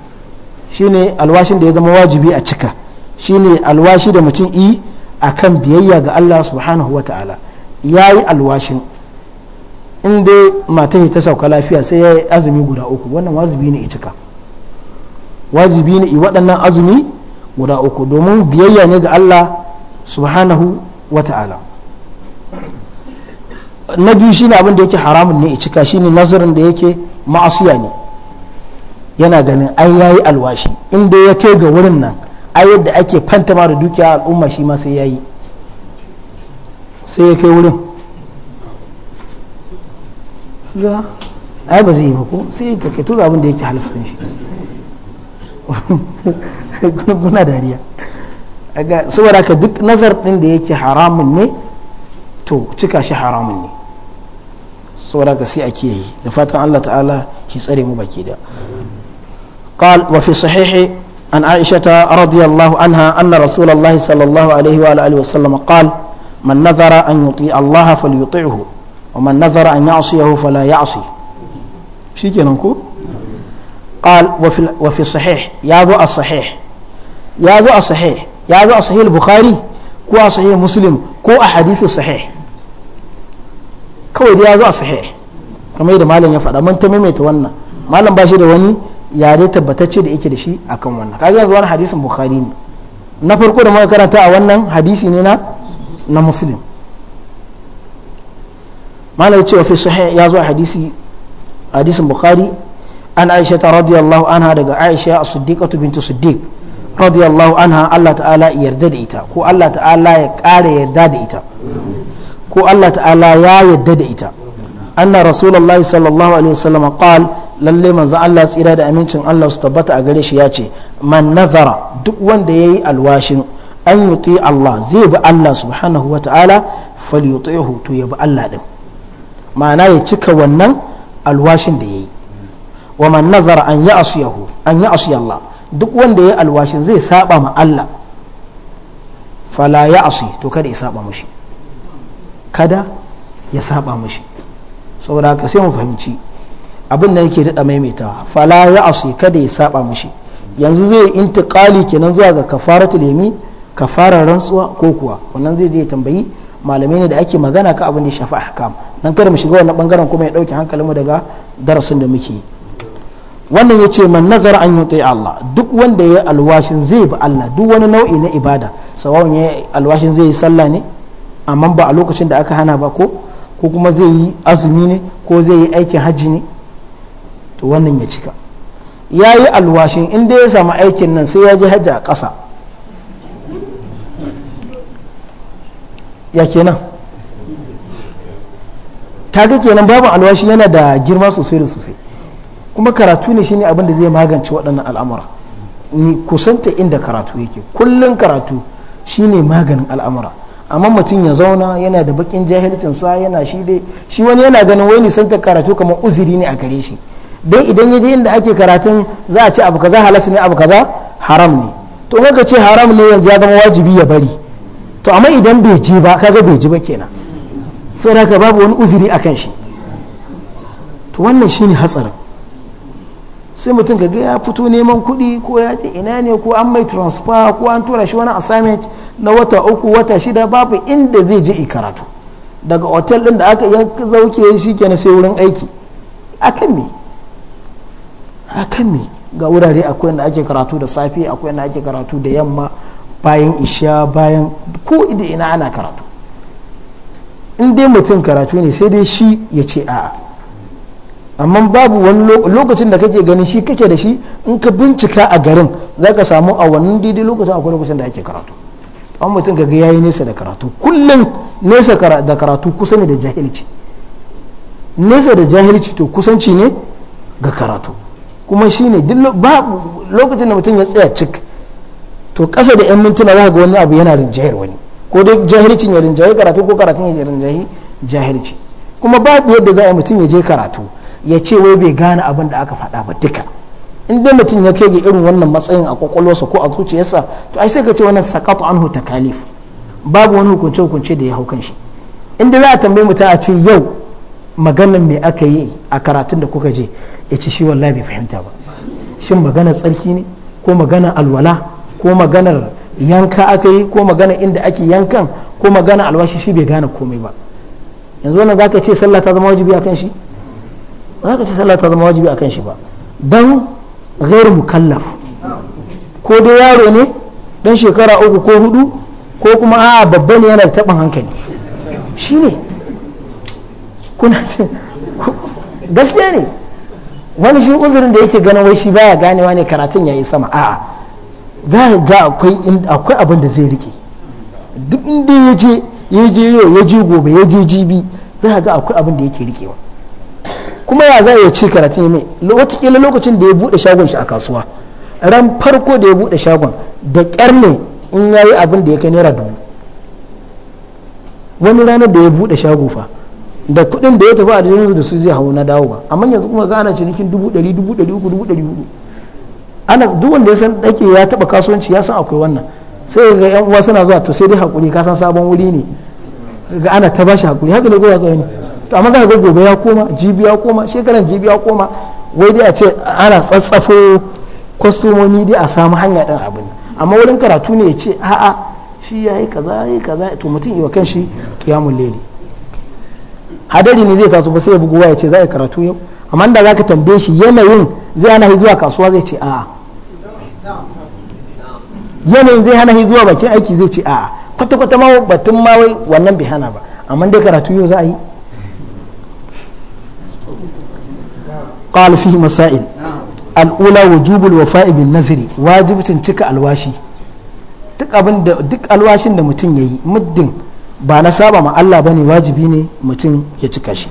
shine alwashin da ya zama wajibi a cika shine alwashi da mutum i akan biyayya ga Allah subhanahu wa ta'ala ya yi alwashin in mata ta sauka lafiya sai ya yi azumi guda uku wannan wajibi ne cika wajibi ne waɗannan azumi guda uku domin biyayya ne ga Allah subhanahu wa ta'ala na biyu shine abin da yake haramun ne cika shine nazarin da yake ma'asiya ne yana ganin an yayi alwashi in dai ya kai ga wurin nan a yadda ake fantama da dukiya al'umma shi ma sai yayi sai ya kai wurin ga ai ba zai yi ba ko sai ya kai tuga abin da yake halasta shi guna (laughs) dariya saboda ka duk nazar din da yake haramun ne to cika shi haramun ne saboda ka sai a kiyaye da fatan Allah ta'ala shi tsare mu baki da قال وفي صحيح عن عائشة رضي الله عنها أن رسول الله صلى الله عليه وآله وسلم قال من نذر أن يطيع الله فليطيعه ومن نذر أن يعصيه فلا يعصي شيء قال وفي وفي الصحيح يا ذو الصحيح يا ذو الصحيح يا ذو الصحيح البخاري كو صحيح مسلم كو أحاديث الصحيح كو يا ذو الصحيح كما يدى لن يفعل من تميمت وانا ما لن باشر واني dai tabbatacce da yake da shi akan wannan kaga yanzu wani hadisin bukhari ne na farko da muka karanta a wannan hadisi ne na na muslim malam ce wa fi sahih ya zo hadisi hadisin bukhari an aisha ta radiyallahu anha daga aisha as-siddiqatu bintu siddiq radiyallahu anha Allah ta'ala yarda da ita ko Allah ta'ala ya ƙara yarda da ita ko Allah ta'ala ya yarda da ita anna rasulullahi sallallahu alaihi wasallam qala lalle manzon Allah tsira da amincin Allah su tabbata a gare shi ya ce man nazara duk wanda yayi alwashin an yuti Allah zai bi Allah subhanahu wa ta'ala falyutihu to ya bi Allah din ma'ana ya cika wannan alwashin da yayi wa man nazara an ya'siyahu an ya'siya Allah duk wanda yayi alwashin zai saba ma Allah fala ya'si to kada ya saba mushi kada ya saba mushi saboda haka sai mu fahimci abin da yake daɗa maimaitawa fala ya asu kada ya saba mushi yanzu zai intiqali kenan zuwa ga kafaratul lemi kafarar rantsuwa ko kuwa wannan zai je ya tambayi malamai ne da ake magana ka abin da ya shafi ahkam nan kada mu shiga wannan bangaren kuma ya dauke mu daga darasin da muke wannan ya ce man nazara an yuti Allah duk wanda ya alwashin zai bi Allah duk wani nau'i na ibada sawawan ya alwashin zai yi sallah ne amma ba a lokacin da aka hana ba ko ko kuma zai yi azumi ne ko zai yi aikin hajji ne to wannan ya cika ya yi alwashin inda ya samu aikin nan sai ya ji hajji a ƙasa ya kenan kaga kenan babu alwashi yana da girma sosai da sosai kuma karatu ne shine abin da zai magance waɗannan al'amura ni kusanta inda karatu yake kullum karatu shine maganin al'amura amma mutum ya zauna yana da bakin jahilcinsa yana shi dai shi wani yana ganin wai ka karatu kamar uziri ne a gare shi dai idan yaje inda ake karatun za a ce abu kaza halas ne abu kaza haram ne to in ce haram ne yanzu ya zama wajibi ya bari to amma idan bai ji ba kaga bai ji ba kenan sai haka babu wani uzuri akan shi to wannan shine hatsarin sai mutum ka ga ya fito neman kuɗi ko ya ce ina ne ko an mai transfer ko an tura shi wani assignment na wata uku wata shida babu inda zai je i karatu daga otel din da aka ya zauke shi kenan sai wurin aiki akan me a kan ga wurare akwai inda ake karatu da safe akwai inda ake karatu da yamma bayan isha bayan ko ida ina ana karatu in dai mutum karatu ne sai dai shi ya ce a'a amma babu wani lokacin da kake ganin shi kake da shi in ka bincika a garin za ka samu a wannan daidai lokacin akwai lokacin da ake karatu an mutum ka ga yayi nesa da karatu kullum nesa da karatu kusa ne da jahilci nesa da jahilci to kusanci ne ga karatu kuma shine duk lokacin da mutum ya tsaya cik to kasa da 'yan mintuna za ga wani abu yana rinjayar wani ko dai jahilcin ya rinjaye karatu ko karatun ya rinjaye jahilci kuma babu yadda za a mutum ya je karatu ya ce wai bai gane abin da aka faɗa ba duka Inda mutum ya kai ga irin wannan matsayin a kwakwalwarsa ko a zuciyarsa to ai sai ka ce wannan sakatu anhu takalif babu wani hukunce hukunce da ya hau kan shi in za a tambayi mutum a ce yau maganar me aka yi a karatun da kuka je ya ci shi wallahi bai fahimta ba shin maganar tsarki ne ko maganar alwala ko maganar yanka aka yi ko maganar inda ake yankan ko maganar alwashi shi bai gane komai ba yanzu wannan zaka ce sallah ta zama wajibi akan shi zaka ce sallah ta zama wajibi akan shi ba dan ghairu mukallaf ko dai yaro ne dan shekara uku ko hudu ko kuma a'a babba ne yana taɓin hankali shi ne kuna ce gaskiya ne wani shi uzurin da yake ganin wai shi baya ganewa ne karatun yayi sama a'a za ga akwai abin da zai rike duk inda ya je ya je yau ya je gobe ya je jibi za ga akwai abin da yake rikewa kuma ya za ya ce karatun mai watakila lokacin da ya bude shagon shi a kasuwa ran farko da ya bude shagon da kyar ne in ya yi abin da ya kai naira dubu wani ranar da ya bude shago fa da kuɗin da ya tafi a da su zai hau na dawo ba amma yanzu kuma ga ana cinikin dubu ɗari dubu ɗari uku dubu ɗari hudu ana duk wanda ya san ɗake ya taɓa kasuwanci ya san akwai wannan sai ga yan uwa suna zuwa to sai dai hakuri ka san sabon wuri ne ga ana ta bashi hakuri haka ne goya ga ne to amma ga gobe ya koma jibi ya koma shekaran jibi ya koma wai dai a ce ana tsatsafo kwastomomi dai a samu hanya ɗin abin amma wurin karatu ne ya ce a'a shi ya yi kaza ya yi kaza to mutum iwa kan shi kiyamun lele hadari ne zai taso ba sai ya bugu ya ce za a karatu yau amma da zaka tambaye shi yanayin zai hana shi zuwa kasuwa zai ce a'a yanayin zai hana shi zuwa bakin aiki zai ce a'a kwata kwata ma batun ma wai wannan bai hana ba amma dai karatu yau za a yi al-ula wujub al-wafa' الوفاء بالنذر واجب cika alwashi duk abin da duk alwashin da mutum yayi muddin ba na saba ma Allah ba ne wajibi ne mutum ya cika shi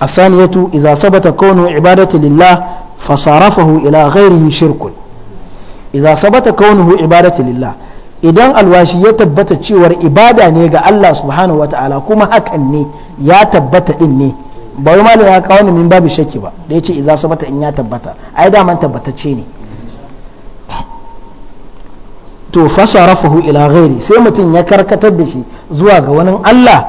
asaniyatu idza thabata kaunu ibadati lillah fasarafahu ila ghairihi shirkun idza thabata kaunuhu ibadati lillah idan alwashi ya tabbata cewar ibada ne ga Allah subhanahu wata'ala kuma hakan ne ya tabbata din ne ba wai malam ya kawo min babu shakki ba da yace idza sabata in ya tabbata ai da man tabbatacce ne to fasarafahu ila ghairi sai mutum ya karkatar da shi zuwa ga wani Allah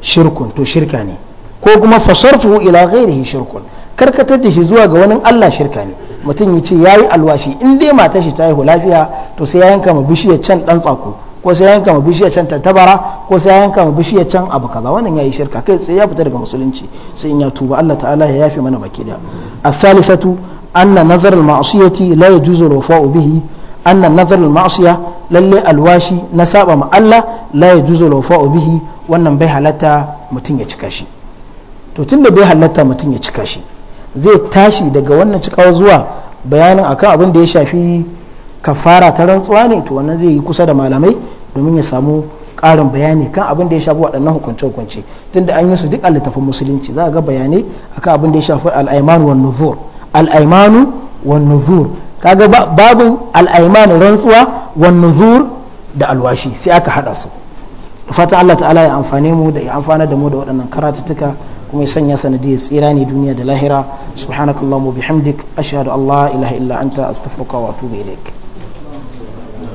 shirkun to shirka ne ko kuma fasarfahu ila ghairihi shirkun karkatar da shi zuwa ga wani Allah shirka ne mutum ya ce yayi alwashi in dai matar shi ta yi lafiya to sai ya yanka bishiyar can dan tsako ko sai ya yanka ma bishiyar can tattabara ko sai ya yanka ma bishiyar can abu kaza wannan yayi shirka kai sai ya fita daga musulunci sai in ya tuba Allah ta'ala ya yafe mana baki da as-salisatu anna nazar al-ma'siyati la yajuzu rufa'u bihi annan nazar al-ma'siya lalle alwashi na saba ma Allah la yajuzu lawfa'u bihi wannan bai halatta mutum ya cika shi to tunda bai halatta mutum ya cika shi zai tashi daga wannan cikawar zuwa bayanin akan abin da ya shafi kafara ta rantsuwa ne to wannan zai yi kusa da malamai domin ya samu ƙarin bayani kan abin da ya shafi waɗannan hukunce-hukunce tunda an yi su duk a littafin musulunci za a ga bayanai akan abin da ya shafi al'aimanu wa nuzur al'aimanu wa nuzur kaga babu al'aiman rantsuwa wan da alwashi sai aka haɗa su fata Allah ta'ala ya amfane mu da ya amfana da mu da waɗannan karatuttuka kuma ya sanya sanadiyar tsira ne duniya da lahira subhanakallahumma bihamdik ashhadu an ilaha illa anta astaghfiruka wa atubu ilaik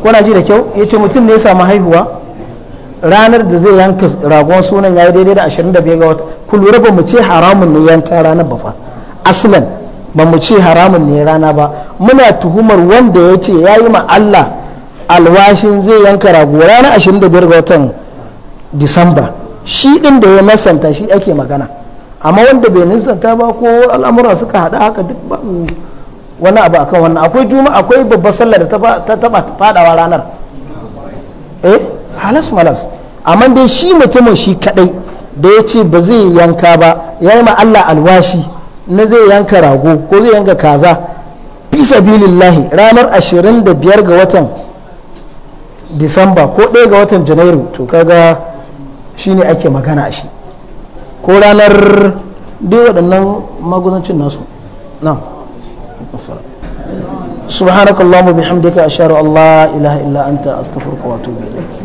kuna ji da kyau yace mutum ne ya samu haihuwa ranar da zai yanka ragon sunan yayi daidai da 25 ga wata ku lura ba mu ce haramun ne yanka ranar ba aslan ba mu ce haramun ne rana ba muna tuhumar wanda ya ce ya yi ma Allah alwashin zai yanka rago ranar 25 ga watan disamba shi ɗin da ya nasanta shi ake magana amma wanda bai nisanta ba ko al'amura suka haɗa haka duk babu wani abu akan wannan akwai juma akwai babbar sallah da ta taba fadawa ranar eh halas malas amma dai shi mutumin shi kadai da ya ce ba zai yanka ba ya yi ma Allah alwashi na zai yanka rago ko zai yanka kaza fi sabilillahi ranar 25 ga watan disamba ko 1 ga watan janairu to kaga shine ake magana shi ko ranar dai waɗannan magunancin nasu na subhanakallahumma bihamdika asharu allah ilaha illa anta astaghfiruka wa atubu